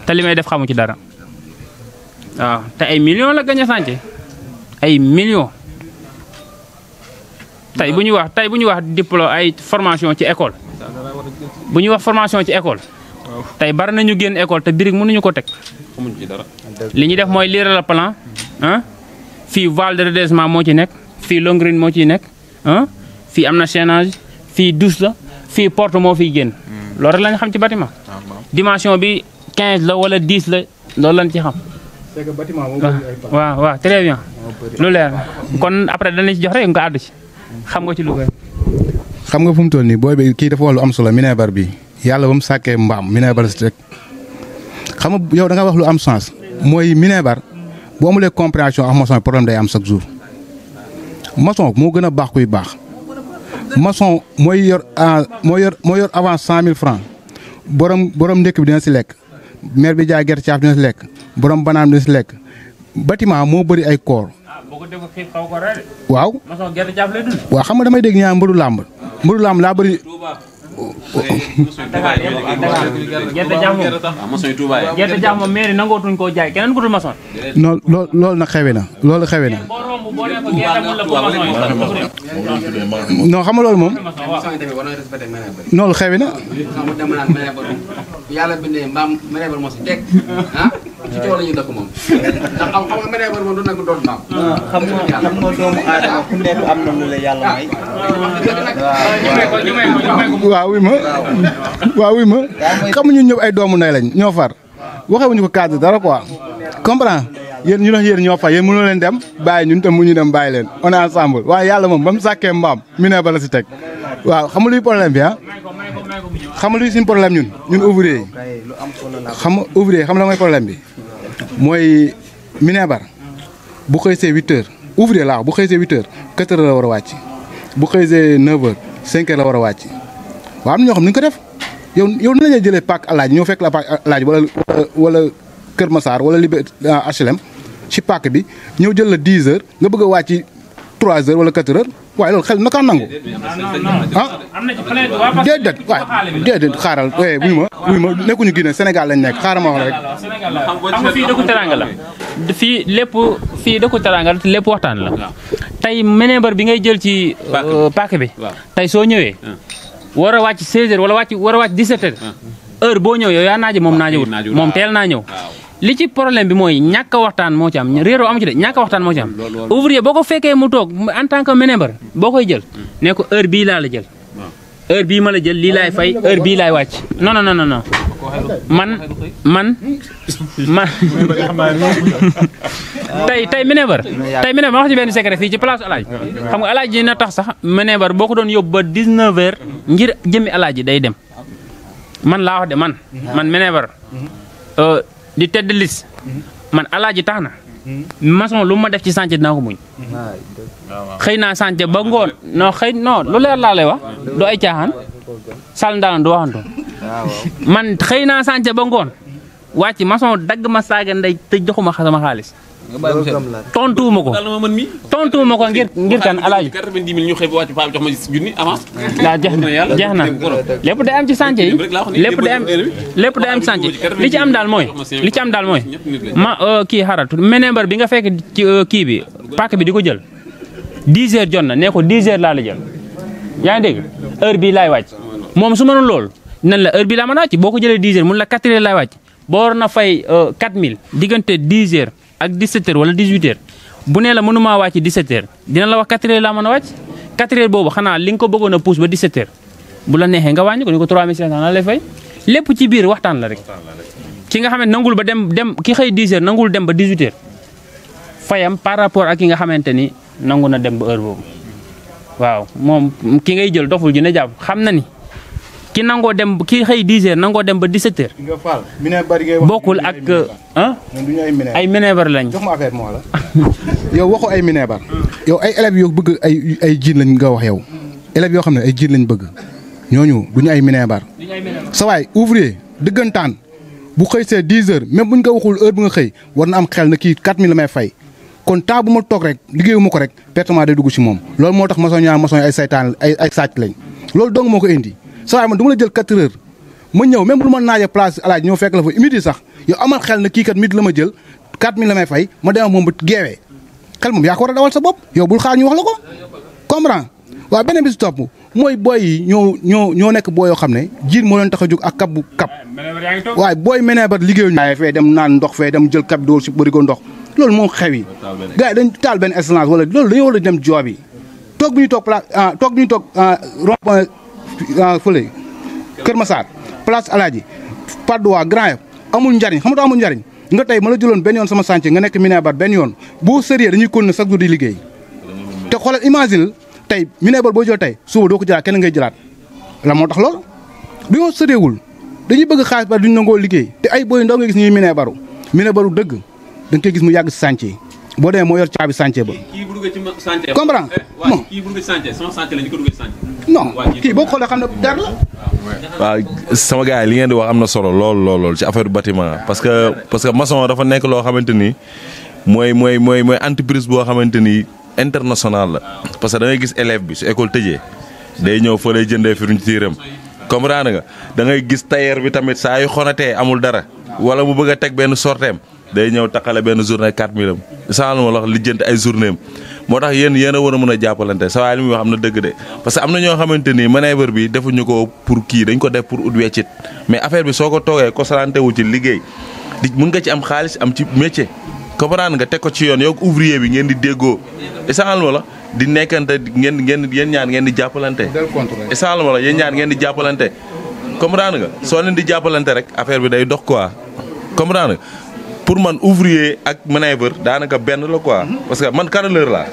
te li may def xamu ci dara waaw te ay millions la gën a chantier ay millions tay buñu wax tay buñu wax diplôme ay formation ci école buñu wax formation ci école tay bar nañu génn école te birik mënuñu ko tek ci dara liñu def moy lire le plan hein fi val de redressement mo ci nek fi longrine mo ci nek hein fi amna chaînage fi douche la fi porte mo fi génn rek lañ xam ci bâtiment dimension bi 15 la wala 10 la loolu lañ ci xam c'est que bâtiment mo wa wa très bien lu leer kon après dañ ci jox rek nga add ci xam nga ci Louga. xam nga fu mu toll nii boo bi kii dafa wax lu am solo Minebar bi yàlla ba mu sàkkee mbaam Minebar si rek xam nga yow da nga wax lu am sens mooy Minebar boo amulee compréhension ak maçon problème day am chaque jour maçon moo gën a baax kuy baax maçon mooy yor ah, mooy yor mooy cent mille francs borom borom ndékk bi dina si lekk maire bi jaay gerte caaf dina si lekk borom banaan dina si lekk bâtiment moo bëri ay koor. waaw. waa xam nga damay dégg ñaa mbëru làmb mbëru làmb laa bëri. gerte jaaf moom mairie nangootuñ koo jaay keneen ku dul loolu nag xewe na loolu xewe na. non xam nga loolu moom. loolu xewe na. ci tool la ñuy dëkk moom. ndax am na lu la waaw wi ma wi ma xamuñu ñëpp ay doomu nay lañ ñoo far waxewuñu ko cadre dara quoi comprends yéen ñu doon yéen ñoo far yéen mënoo leen dem bàyyi ñun tam mu ñu dem bàyyi leen on est ensemble waaye yàlla moom ba mu sàkkee mbaam mi ne ba la si teg. waaw xam luy problème bi ah. xam luy suñu problème ñun ñun ouvrier xam ouvrier xam la mooy problème bi mooy minebar bu xëy see huit heures ouvrier laa bu xëy see huit heures la war a wàcc bu xëy see neuf heures cinq heures la war a wàcc waaw am na ñoo xam ni ñu ko def yow yow ni la ñuy jëlee paak alaaj ñoo fekk la paak alaaj wala wala Kër Massar wala Liberté HLM euh, ci paak bi ñëw jël la dix heures nga bëgg a wàcc trois heures wala quatre waaye loolu xel na kaa nangu. ah déedéet waay déedéet xaaral eh, wuy ma wuy ma nekkuñu Guinée Sénégal lañ nekk xaaral ma wax rek. xam fii dëkku teranga la. fii lépp fii dëkku teranga la lépp waxtaan la. tey meneembar bi ngay jël ci. paak bi euh, tey soo ñëwee. Ah. war a wàcc 16h wàcc war a wàcc 17h. Ah. heure boo ñëw yow yaa naaje moom naajewul moom teel naa ñëw. li ci problème bi mooy ñàkk waxtaan moo ci am réeroo amu ci de ñàkk waxtaan moo ci am ouvrier boo ko fekkee mu toog en tant que ménembare boo koy jël ne ko heure bii laa la jël heure bii ma la jël lii laay fay heure bii laay wàcc non non non man man man tey tey ménébar tey ménébar ma wax ci benn secret fii ci place alaaj xam nga alaaj ji na tax sax ménébar boo ko doon yóbbu ba 19 heures ngir jëmmi alaaj ji day dem man laa wax de man man ménébar mm-hmm. euh, di tedd lis man alaaji tax na maçon lu ma def ci chantier dinaa muñ xëy naa chantier ba ngoon non xëy non lu leer laa lay wax du ay caaxaan sal ndaalan du waxantu man xëy naa chantier ba ngoon wàcc maçon dagg ma saaga ndey te joxuma sama xaalis tontuwuma ko tontuwuma ko ngir ngir kan alaaj daa jeex na jeex na lépp day am ci chantier yi lépp day am lépp day am chantier li ci am daal mooy li ci am daal mooy ma euh, kii xaratu menembar bi nga fekk ci euh, kii bi pàkk bi di ko jël 10 heures jot na nee ko 10 heures la jël yaa ngi dégg heure bii laay wàcc moom su mënoon loolu nan la heure bii laa mën a wàcc boo ko jëlee 10 heures mun la 4 heures boo war na fay euh, diggante 10 heures ak 17h wala 18h bu nee la mënumaa wàcc 17 dina la wax 4 laa mën a wàcc 4 boobu xanaa li nga ko bëggoon a pousse ba 17 bu la neexee nga wàññi ni ko 3500 la lay fay lépp ci biir waxtaan la rek. ki nga xam ne nangul ba dem dem ki xëy 10h nangul dem ba 18 fayam par rapport ak ki nga xamante ni nangu na dem ba heure boobu waaw moom ki ngay jël doful ji ne jàpp xam na ni. ki nangoo dem ki xëy 10 heures nangoo dem ba 17 heures. nga faal bokkul ak. ah ay mineebar lañ. jox ma affaire moo la. yow waxu ay mineebar. yow ay élèves yoo bëgg ay ay jiin lañ nga wax yow. élèves yoo xam ne ay jiin lañ bëgg ñooñu du ñu ay mineebar. sa waay dëggantaan bu xëy see 10 heures même bu ñu ko waxul heure bi nga xëy war na am xel na kii 4000 la may fay. kon temps bu ma toog rek liggéeyuma ko rek pertement day dugg ci moom loolu moo tax maçon ñaar maçon ay saytaan ay ay sàcc lañ loolu dong moo ko indi. saa man du ma jël 4 ma ñëw même bu ma naajee place alaaj ñëw fekk la fa midi sax yow amal xel na kii kat midi la ma jël 4000 la may fay ma dem moom ba geewee xel moom yaa a dawal sa bopp yow bu xaar ñu wax la ko comprend waaw beneen bi si topp mooy booy yi ñoo ñoo nekk boo yoo xam ne jiir moo leen tax a ak kap bu kap waaye booy menee ba liggéeyuñu waaye fee dem naan ndox fee dem jël kap dóor si bërigo ndox loolu moom xew yi gars taal benn excellence wala loolu dañoo war a dem joob too toog bi ñu toog place ah, toog bi ñu ah, fële Kër Massar place Alaaji Patte d'Oie Grand Yoff amul njariñ xam nga amul njariñ nga tey ma a jëloon benn yoon sama chantier nga nekk Minébar benn yoon boo sérieux dañuy continuer chaque jour di liggéey te xoolal imagine tey Minébar boo jël tey suba doo ko jëlaat kenn ngay jalaat la moo tax loolu dañoo sérieuxwul dañu bëgg xaalis ba duñ nangoo liggéey te ay booy ndaw nga gis ñuy Minébaru Minébaru dëgg da koy gis mu yàgg si chantier Bode mo yor caabi chantier ba comprend bon eh, non kii la sama gars li ngeen di wax am solo lool lool lool ci affaire bâtiment parce que parce que maçon dafa nekk loo xamante ni mooy mooy mooy entreprise boo xamante international la parce que da ngay gis élève bi su école day fa lay fi ruñ gis tailleur bi tamit yu amul dara wala mu bëgg day ñëw takkale benn journée 4000 am saa lu la wax lijjanti ay journée moo tax yéen yéen a war a mën a jàppalante sa waay li muy wax am na dëgg de parce que am na ñoo xamante ni manœuvre bi defuñu ko pour kii dañ ko def pour ut weccit mais affaire bi soo ko toogee kosalante wu ci liggéey di mën nga ci am xaalis am ci métier. comprendre nga te ko ci yoon yow ouvrier bi ngeen di déggoo saa lu la di nekkante ngeen ngeen yéen ñaar ngeen di jàppalante. saa lu ma la yéen di jàppalante. comprendre nga soo leen di jàppalante rek affaire bi day dox quoi comprendre pour man ouvrier ak manœuvre daanaka benn la quoi. Mhm. parce que man carreleur laa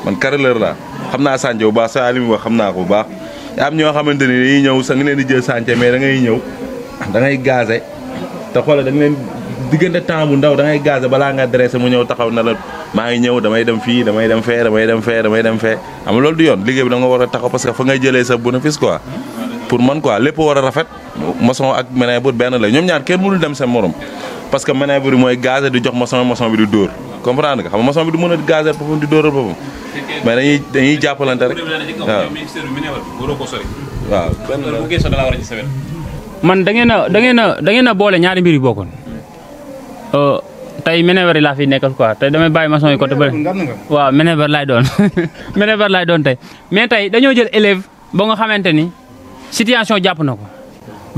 man carreleur laa xam naa sànce bu baax saa li mu wax xam naa ko bu baax am ñoo xamante ni dañuy ñëw sa ngi leen di jël sànce mais da ngay ñëw da ngay gaze te xoolal da leen diggante temps bu ndaw da ngay gaze balaa nga dressé mu ñëw taxaw na la maa ngi ñëw damay dem fii damay dem fe damay dem fee damay dem fee am loolu du yoon liggéey bi da nga war a taxaw parce que fa ngay jëlee sa bénéfice quoi. pour man quoi lépp war a rafet maçon ak manœuvre benn la ñoom ñaar kenn mënul dem sa morom. parce que manœuvre bi mooy gazer di jox maçon maçon bi di dóor comprendre nga xam nga bi du mën a gazer boppam di dóoral boppam dañuy dañuy rek man da ngeen a da ngeen a boole ñaari mbir yu bokkoon hmm. euh, tey meneebar laa fi nekkal quoi tey damay bàyyi maçon yi bële waaw meneebar laay doon meneebar laay doon tey mais tey dañoo jël élève ba nga xamante ni situation jàpp na ko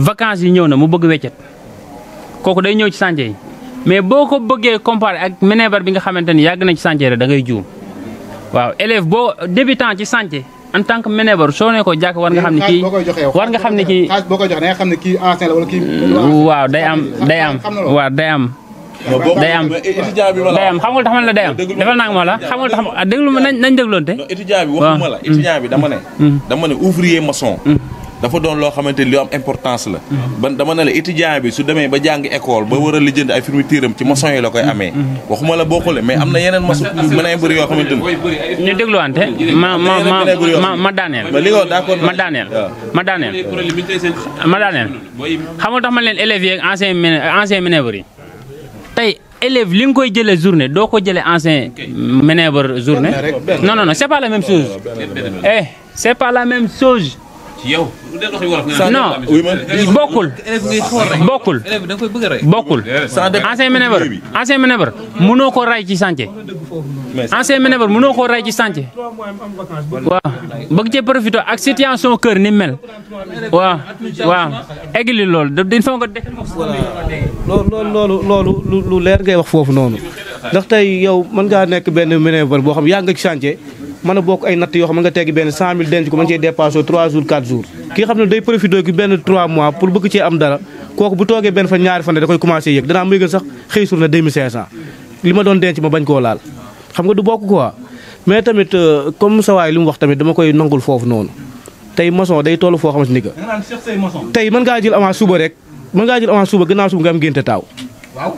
vacances yi ñëw na mu bëgg weccet kooku day ñëw ci chantier yi mais boo ko bëggee comparer ak minebar bi nga xamante ni yàgg na ci chantier rek da ngay juum waaw élève boo débutant ci chantier en tant que minebar soo ne ko jàkk war nga xam ne kii war nga xam ne kii waaw day am day am waaw day am day am étudiant bi ma la day am xam nga tax man la day am defal naa ma la xam nga tax déglu ma nañ nañ dégloonte étudiant bi waxuma la étudiant bi dama ne mm. Mm. dama ne ouvrier maçon mm. dafa doon loo xamante ni lu am importance la. ban dama ne la étudiant bi su demee ba jàng école ba war a lijjanti ay fournitures am ci maçon la koy amee. waxuma la bokkule mais am na yeneen maçon mën a bëri yoo xamante ni. ñu dégluwante ma ma ma ma daaneel. ma li nga wax d'accord ma daaneel. ma daaneel ma daaneel. xam nga tax ma leen élèves yeeg ancien ancien manœuvre yi tey. élève li nga koy jëlee journée doo ko jëlee ancien manœuvre journée non non non c'est pas la même chose eh c'est pas la même yow non bokkul bokkul bokkul ancien manœuvre ancien manœuvre mënoo ko ray ci chantier ancien manœuvre mënoo ko ray ci chantier waaw bëgg cee profité ak situation kër ni mel waaw waaw egli loolu dañ fa nga def loolu loolu loolu lu leer ngay wax foofu noonu ndax tey yow mën ngaa nekk benn manœuvre boo xam yaa nga ci chantier mën a bokk ay natt yoo xam nga teggi benn 100000 denc ko mën cee dépassé 3 jours 4 jours ki nga xam ne day profité ki benn 3 mois pour bëgg cee am dara kooku bu toogee benn fa ñaari fan da koy commencé yëg danaa muy gën sax xëy sur na 2500 li ma doon denc ma bañ koo laal xam nga du bokk quoi mais tamit euh, comme sa waay li mu wax tamit dama koy nangul foofu noonu tey maçon day toll foo xamante ni que tey man ngaa jël avance suba rek mën ngaa suba gannaaw suba nga am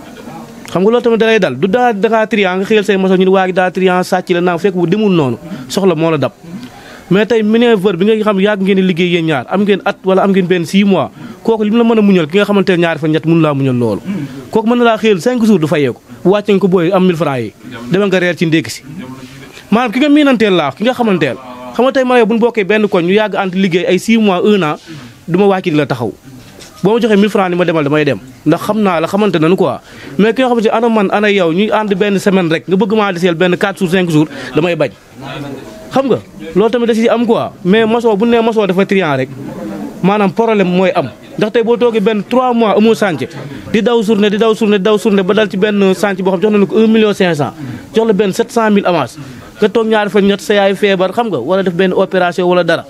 xam nga loolu tamit dalay dal du daa dangaa nga xëyal say moso ñu ne waa gi daa trian sàcc la naam fekk bu demul noonu soxla moo la dab mais tey mineuveur bi nga xam yàgg ngeen liggéey yéen ñaar am ngeen at wala am ngeen benn 6 kooku li la mën a muñal ki nga xamante ne ñaari fan ñett mënu laa muñal loolu kooku mën na laa xëyal 5 jours du fayeeku wàcce nga ko booy am 1000 demal nga reer ci ndékki si maanaam ki nga miinanteel benn koñ ñu yàgg ànd liggéey ay 6 mois boo ma joxee 1000 francs ni ma demal damay dem ndax xam naa la xamante nañu quoi mais ki nga xamante ana man ana yow ñuy ànd benn semaine rek nga bëgg maa deseel benn 4 jours damay bañ. xam nga loolu tamit da ci am quoi mais maçon bu nee maçon dafa triant rek maanaam problème mooy am ndax tey boo toogee benn 3 mois amoo chantier di daw journée di daw journée di daw ne ba dal ci benn chantier boo xam jox nañu ko 1 million 500 jox la benn 700000 feebar xam nga wala def benn opération wala dara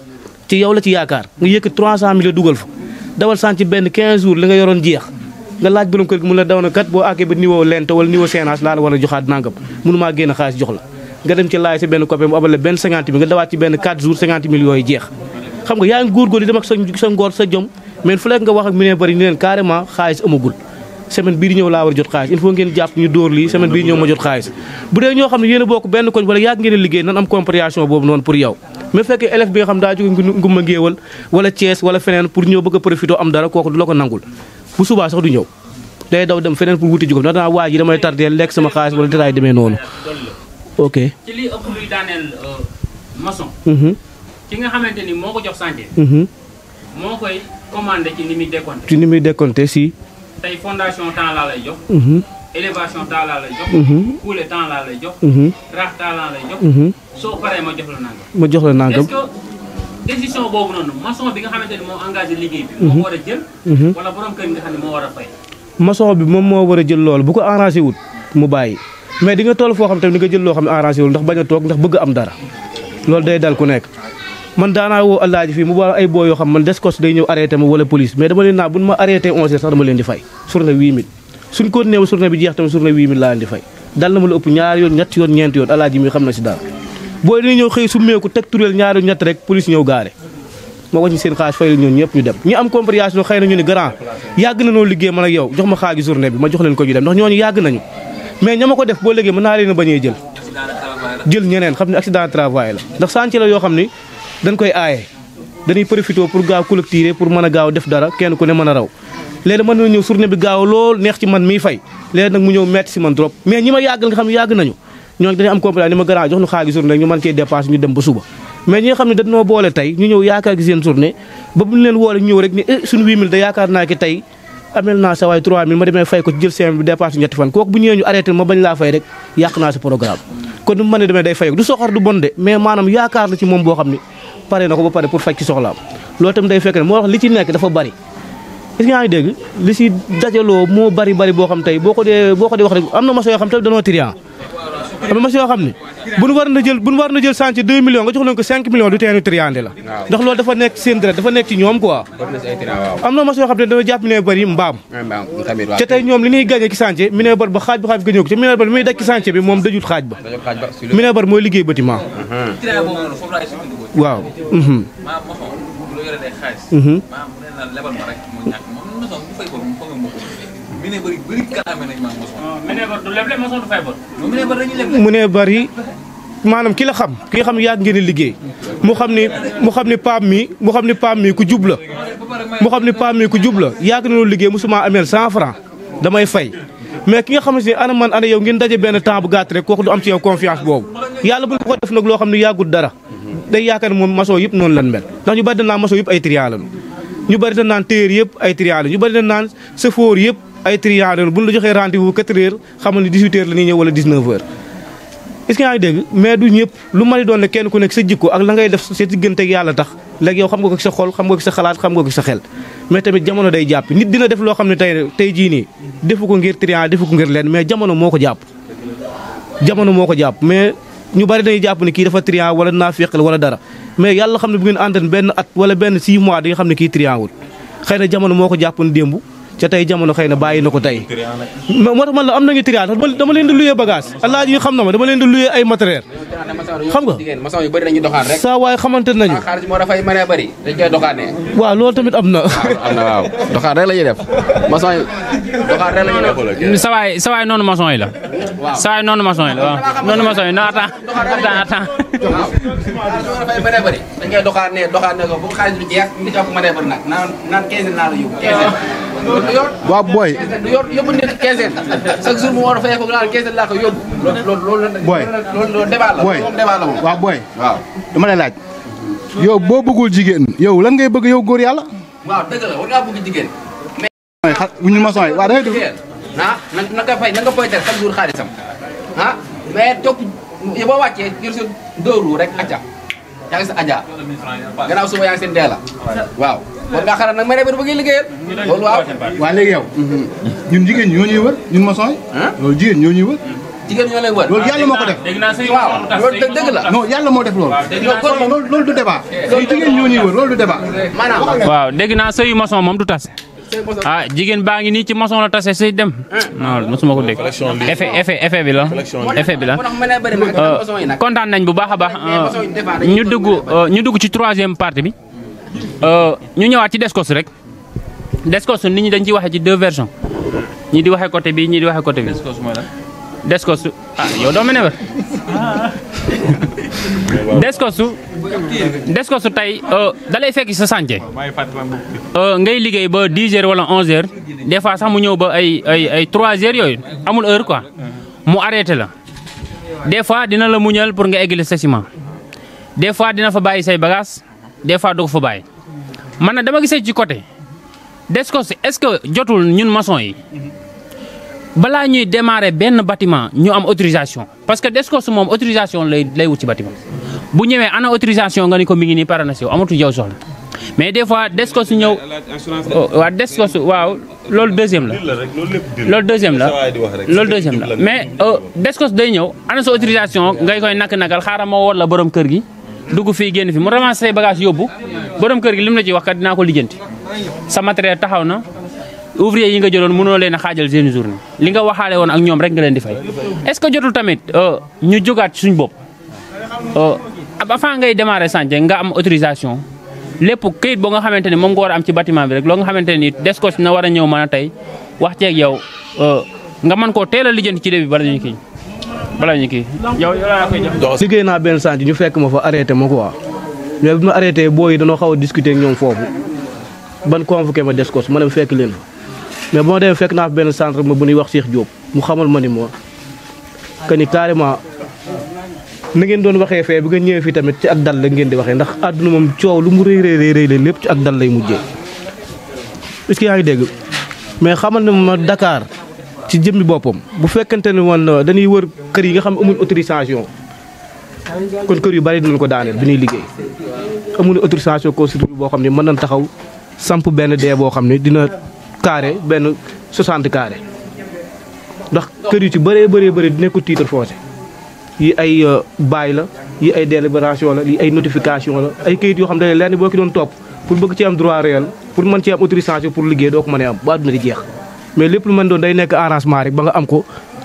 ci yow la ci yaakaar nga yëkkat 300000 dugal fa. dawal sànc benn 15 jours li nga yoroon jeex nga laaj borom kër gi mu la daw na kat boo àggee ba niveau lente wala niveau séenage laa la war a joxaat nangam mënumaa génn xaalis jox la nga dem ci laaj sa benn copain mu abal la benn 50 mille nga dawaat ci benn 4 jours 50 mille yooyu jeex xam nga yaa ngi góorgóor di sa ngoor sa jom mais fu lekk nga wax ak minee bëri ni leen carrément xaalis amagul semaine bii di ñëw laa war a jot xaalis il a bokk benn koñ wala yàgg ngeen a liggéey nan am mais fekkee élève bi nga xam daa jóge ngumma géewal wala Thiès wala feneen pour ñëw bëgg a profité am dara kooku du la ko nangul bu subaa sax du ñëw day daw dem feneen pour wuti jiko ndax danaa waa ji damay tardé lekk sama xaalis wala détaay demee noonu ok ci li ëpp euh, mhm. ni moo ko jox chantier mhm. moo koy commandé ci ni muy décompté ci ni muy décompté si tey fondation temps laa lay jox mhm. élévation temps laa lay jox. Mhm. Mhm. Mhm. ma jox la nangam. ma war a jël. wala war a a jël loolu bu ko mu bàyyi mais di nga toll foo xam tamit nga jël loo xam ne ndax bañ a toog ndax bëgg am dara loolu day dal ku nekk. man daanaa woo fii mu boole ay boo yoo xam man des day ñëw arrêté ma wala mais dama leen naa buñ ma arrêté 11 sax dama leen di fay sur le 8000. suñ ko néew journée bi jeex tamit journée bi 8000 laa fay dal na ma la ëpp ñaari yoon ñetti yoon ñeenti yoon alaaji mi xam na si dara booy dañuy ñëw xëy summeeku teg turéel ñaari yoon ñett ñëpp ñu dem ñu am compréhension xëy na ñu ne grand yàgg na noo liggéey man ak yow jox ma xaaju journée bi ma jox leen ko ñu dem ndax ñooñu mais ña ma ko def boo léegi mën naa leen a ñeneen xam ne accident de travail la ndax chantier la yoo xam ni dañ koy aaye dañuy profité pour gaaw collecter pour mën a gaaw def dara kenn ku ne mën a raw léegi mën na ñëw bi gaaw lool neex ci man miy fay léegi nag mu ñëw metti si man trop mais ñi xam ne yàgg nañu ñooñu dañuy am compétence ni ma jox ñu xaalis journée ñu mën cee dépense ñu dem ba suba mais xam ne dañoo boole tey ñu ñëw yaakaar gi seen journée ba buñu leen woole ñëw rek ne eh suñu 8000 da yaakaar naa ki tey amel naa sa waaye 3000 ma demee fay ko ci pare pour qui ci soxlaam là. day fekk wax li ci est yaa ngi dégg si dajaloo moo bari bari boo xam tey boo ko dee boo ko dee wax am na machine yoo xam tey dañoo trian am na machine yoo xam ne bu ñu war na jël bu ñu war na jël sànq 2 millions nga jox leen ko 5 millions du teenu triandé la ndax loolu dafa nekk seen deret dafa nekk ci ñoom quoi am na machine yoo xam ne dañoo jàpp millions bari mbaam ah, te tey ñoom li ñuy gagné ci sànq million bar ba xaaj ba xaaj bi gagné ko ci million bar muy daj ci sànq bi moom dajut xaaj ba million bar mooy liggéey bâtiment mhm. waaw mhm. mu ne bari bari kalaame mu ne bari dañuy ki la xam ki xam yaa ngeen liggéey mu xam ni mu xam ni paam mi mu xam ni paam mi ku jubla la mu xam ni paam mi ku jub la yaa ngi doon liggéey mosuma ameel cent franc damay fay. mais ki nga xamante ana man ana yow ngeen daje benn temps bu gàtt rek kooku du am ci yow confiance boobu yàlla bu la ko def nag loo xam ne yàggul dara day yaakaar moom maçon yëpp noonu lan mel ndax ñu bari dañ naan maçon yëpp ay triant ñu bari dañ naan téer yëpp ay triant lañu ñu bari dañ naan sëfoor yëpp ay triant bu ñu la joxee rendez-vous 4 heures xamal ni 18 heures la ñuy ñëw wala 19 heures. est-ce que dégg mais du ñëpp lu ma doon ne kenn ku nekk sa jikko ak la ngay def sa diggante ak yàlla tax léegi yow xam nga ko sa xol xam nga ko sa xalaat xam nga ko sa xel mais tamit jamono day jàpp nit dina def loo xam ne tey tey jii nii defu ko ngir triant defu ko ngir leen mais jamono moo ko jàpp jamono moo ko jàpp mais ñu bari dañuy jàpp ne kii dafa triant wala naafiq la wala dara mais yàlla xam ne bu ngeen antan benn at wala benn 6 mois di nga xam ne kii triant xëy na jamono moo ko jàppoon démb ca tey jamono xëy na bàyyi na ko tey moo tax man la am nañu trian dama leen di luyee bagage alaaji ñu xam na ma dama leen di luyee ay matériel xam nga saa waaye xamante nañu waaw loolu tamit am na waaw doxaan rek la ñuy def maçon yi doxaan rek la ñuy def sa waay sa waay noonu maçon yi la sa waay noonu maçon yi la waaw noonu maçon yi non attends attends attends dañ koy doxaan ne doxaan ne ko bu xaalis bi jeex ndi ko mënee bëri nag naan naan 15 naa la yóbbu waaw booy. yóbbu yóbbu nit quinzaine chaque jour mu war a fay ko daal quinzaine laa ko yóbbu. la booy loolu débat la moom débat la moom. booy. waaw dama lay laaj. yow boo bëggul jigéen. yow lan ngay bëgg yow góor yàlla. waaw dëgg la war ngaa bëgg jigéen. ñu ma sonné waaw da ngay def. ah na na nga fay na nga poytal chaque jour xaalisam ah mais topp boo rek aja yaa ngi aja gannaaw suba yaa ngi seen waaw. kon ma ba waaw yow ñun jigéen ñoo ñuy wër ñun maçon yi moo def waaw loolu dëgg dégg naa sëyu eh, maçon moom du tas ah jigéen baa ngi nii ci maçon la tase si dem. non mosuma ko dégg effet effet effet bi la. effet bi la euh, kontaan nañ bu baax a baax euh, ñu dugg euh, ñu dugg ci troisième partie bi. Euh, ñu ñëwaat ci rek deskos nit ñi dañ ci waxe ci deux versions ñi di waxe côté bi ñi di waxe côté bi descos moy lan descos ah yow doo ma ne deskosu deskosu tay euh, dalay fekk ci santé oh, euh, ngay liggéey ba 10 h wala 11 h des fois sax mu ñëw ba ay ay ay 3 h yoy amul heure quoi uh-huh. mu arrêté la des fois dina la muñal pour nga éggli sa ciment des fois dina fa bayyi say bagage des fois du ko fa bàyyi man na dama gisee ci côté est-ce que jotul ñun maçon yi bala ñuy démarrer un bâtiment ñu am autorisation parce que des as autorisation lay lay wut ci bâtiment bu autorisation nga ni ko mi mais des fois des oh, deuxième la deuxième la deuxième mais euh, des autorisation dugg fii génn fi mu ramassé say bagage yóbbu borom kër gi lim la ci wax kat dinaa ko lijjanti sa matériel taxaw na ouvrier yi nga jëloon mënoo leen a xaajal seen journée li nga waxaale woon ak ñoom rek nga leen di fay est-ce que jotul tamit euh, ñu jógaat suñu bopp euh, avant ngay demaare chantier nga am autorisation lépp këyit boo nga xamante ni moom nga war am ci bâtiment bi rek loo nga xamante ni DSCOS na war a ñëw mën a tey wax ceeg yow euh, nga mën koo teel a lijjanti ci début bala ñu kii bala ñu kii yow liggéey naa benn sant ñu fekk ma fa arrêté ma quoi mais bi ma arrêté booy yi dañoo xaw a discuter ak ñoom foofu ban convoqué ma des ko ma dem fekk leen mais bu ma demee fekk naa fa benn centre ma bu ñuy wax seex Diop mu xamal ma ni ma que ni carrément na ngeen doon waxee fee bi ngeen ñëwee fii tamit ci ak dal la ngeen di waxee ndax àdduna moom coow lu mu rëy rëy rëy la lépp ak dal lay mujjee. est-ce que yaa ngi dégg mais xamal na ma Dakar. ci jëmmi boppam bu fekkente ne wan euh, dañuy wër kër yi nga xam amuñ autorisation kon kër yu bari dinañ ko daaneel bi ñuy liggéey amuñu autorisation construction boo xam ne mën nañ taxaw samp benn dee boo xam ne dina carré benn 60 carré ndax kër yu ci bëree bëree bëri dina ko titre foncé yi ay euh, bail la yi ay délibération la yi ay notification la ay kayit yoo xam ne lenn boo ki doon topp pour bëgg ci am droit réel pour mën ci am autorisation pour liggéey doo mën a am ba àdduna mais lépp lu mën doon day nekk arrangement rek ba nga am ko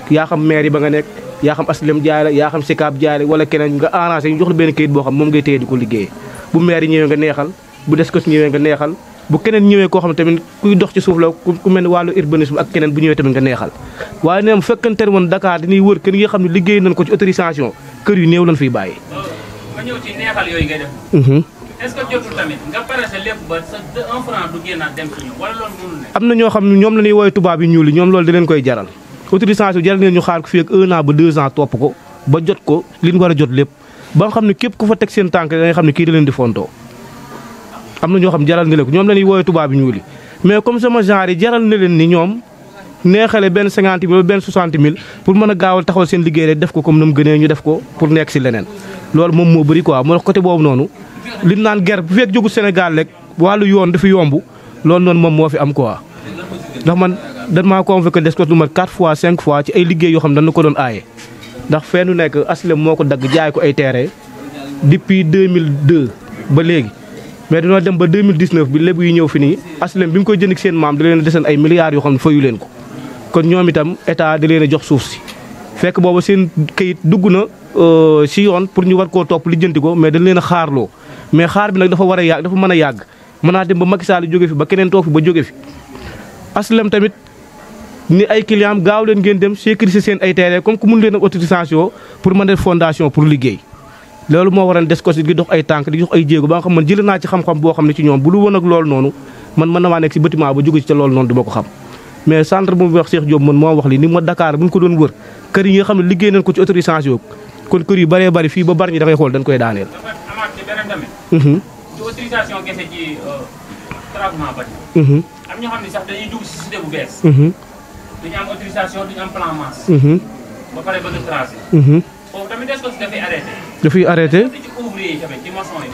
yaa xam maire ba nga nekk yaa xam aslem jaay yaa xam sikaab jaay la keneen nga arrangé ñu jox benn kayit boo xam moom ngay téye di ko liggéeyee bu maire ñëwee nga neexal bu des ko ñëwee nga neexal bu keneen ñëwee koo xam tamit kuy dox ci suuf la ku mel ne wàllu urbanisme ak keneen bu ñëwee tamit nga neexal waaye nee bu fekkante woon Dakar dañuy wër kër yi xam ne liggéey nañ est-ce que am na ñoo xam ne ñoom la ñuy woowee tubaab yi ñuul ñoom loolu da leen koy jaral autorisation jaral leen ñu xaar ko fii ak ba deux ans topp ko ba jot ko li war a jot lépp ba xam ne képp ku fa teg seen tànk da xam ne kii da leen di fontoo am na ñoo xam jaral na leen ko ñoom la ñuy woowee tubaab yi ñuul yi mais comme sama genre yi jaral na leen ni ñoom neexale benn cinquante mille benn soixante mille pour mën a gaawal taxawal seen liggéey rek def ko comme na mu gënee ñu def ko pour nekk si leneen loolu moom moo bëri quoi moo tax côté li naan ger bu fekk jógu Sénégal rek wàllu yoon dafa yomb loolu noonu moom moo fi am quoi. ndax man dan maa convoqué des ko lu mat quatre fois cinq fois ci ay liggéey yoo xam ne dañ ko doon aaye ndax fee nekk asilem moo ko dagg jaay ko ay terrain depuis 2002 ba léegi. mais dañoo dem ba 2019 bi lébu yi ñëw fi nii asilem bi mu koy jënd seen maam da leen a deseen ay milliards yoo xam ne ko kon ñoom itam état leen a jox suuf si. fekk booba seen kayit dugg na euh, si yoon pour ñu war koo topp lijjanti mais dañ leen a xaarloo. mais xaar bi nag dafa war a yàgg dafa mën a yàgg mën naa dem ba Macky Sall jóge fi ba keneen toog fi ba jóge fi aslem tamit ni ay client gaaw leen ngeen dem sécuriser seen ay terrain comme ku mun leen a autorisation pour mën a pour liggéey loolu moo waral des ko si di dox ay tànk di dox ay jéego ba xam man jëlee naa ci xam-xam boo xam ne ci ñoom bu lu woon ak loolu noonu man mën na maa nekk si bâtiment ba jóge ci te loolu noonu du ko xam mais centre doon liggéey nañ ko ci autorisation kon kër yu bëree ba bari ñi da dañ koy daaneel ren tamit. Mhm. ci autorisation gese ci euh, traitement bâti. Mhm. am ñoo xam ne sax dañuy dugg si cité bu bees. Mhm. duñu am autorisation duñu am plan masse. ba pare bëgg a tracé. foofu tamit est-ce que dafay arrêté. dafay arrêté ci ouvrier yi tamit ci maçon yi.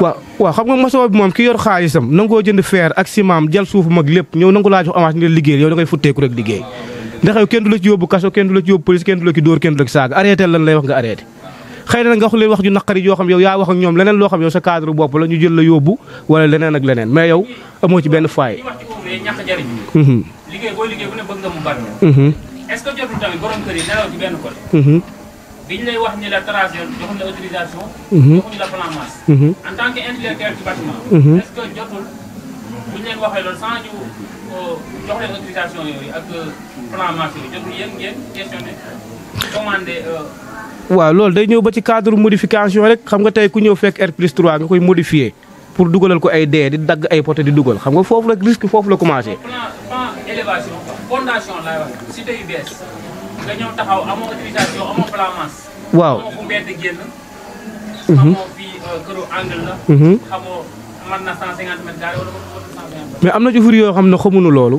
waaw waaw xam nga maçon bi moom ki yor xaalisam nangoo jënd feer ak ciment jël suuf mag lépp ñëw nangu laa jox avance ñu liggéey yow da ngay futteeku rek liggéey ndax yow kenn du la ci yóbbu kaso kenn du la ci yóbbu police kenn du la ci dóor kenn du la ci saaga arrêté lan lay wax nga arrêté xëy na nag nga wax leen wax ju naqari yoo xam yow yaa wax ak ñoom leneen loo xam sa cadre bopp la ñu jël la yóbbu wala leneen ak leneen mais yow amoo ci benn faay. Mm-hmm. liggéey boo mm-hmm. mm-hmm. biñ lay wax ni la tracé joxuñ waaw loolu day ñëw ba ci cadre modification rek xam nga tey ku ñëw fekk R plus nga koy modifier pour dugalal ko ay dee di dagg ay poté di dugal xam nga foofu la risque waaw mhm. euh, mhm. na 150 mètres carrés wala wala 150 mètres. mais am na jëfur yoo xam ne xamuñu loolu.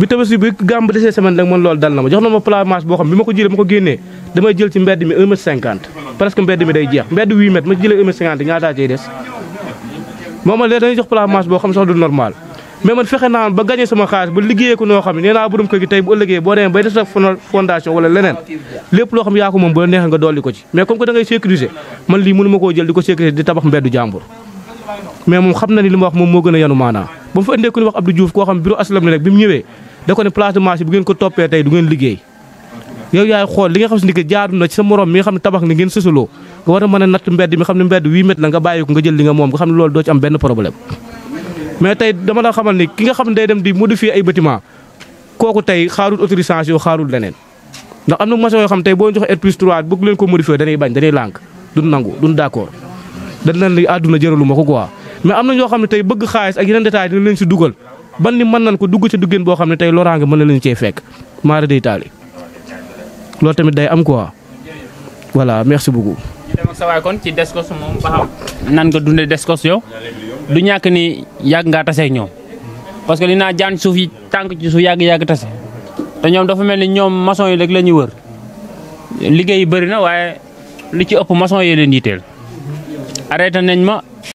bi tabaski bi gàmm ba desee semaine man loolu dal na ma jox na ma plat boo xam bi ma ko jëlee ma ko génnee damay jël ci mbedd mi 1 mètre presque mbedd mi day jeex mbedd 8 mètres ma ci jëlee 1 mètre 50 des moo ma léegi dañuy jox plat boo xam sax du normal mais man fexe naa ba gagné sama xaalis ba liggéeyee ko noo xam ne nee naa borom kër gi tey bu boo demee bay def sa fondation wala leneen lépp loo xam yaa ko moom bu la neexee nga mais moom xam na ni li ma wax moom moo gën a yanu maanaa ba mu fa indee ku ni wax Abdou Diouf koo xam bureau aslam ni rek bi mu ñëwee da ko ne place ko toppee tey du liggéey yow yaay xool li nga xam si ni que jaadu na ci sa morom mi nga xam ne tabax ni ngeen sësaloo nga war a mën a natt mbedd mi xam ne mbedd 8 mètres la nga bàyyi nga jël li nga moom nga ne loolu doo ci am benn problème mais tey dama la xamal ni ki nga xam ne day dem di modifier ay bâtiment kooku tey xaarul autorisation leneen na maçon yoo xam boo joxe R plus 3 bëgg leen dañ leen li àdduna jëraluma ko quoi mais am na ñoo xam ne tey bëgg xaalis ak yeneen détails dina leen si dugal ban ni man nan ko dugg ci duggeen boo xam ne tey loraange mën na leen cee fekk maara day taali loolu tamit day am quoi voilà merci beaucoup. sa kon ci Descos moom ba xam nan nga dundee Descos yow du ñàkk ni yàgg ngaa tase ak ñoom parce que li naa jaan suuf yi tànk ci su yàgg yàgg tase te ñoom dafa mel ni ñoom maçon yi rek la ñuy wër liggéey yi bëri na waaye li ci ëpp maçon yi leen arrêté nañ ma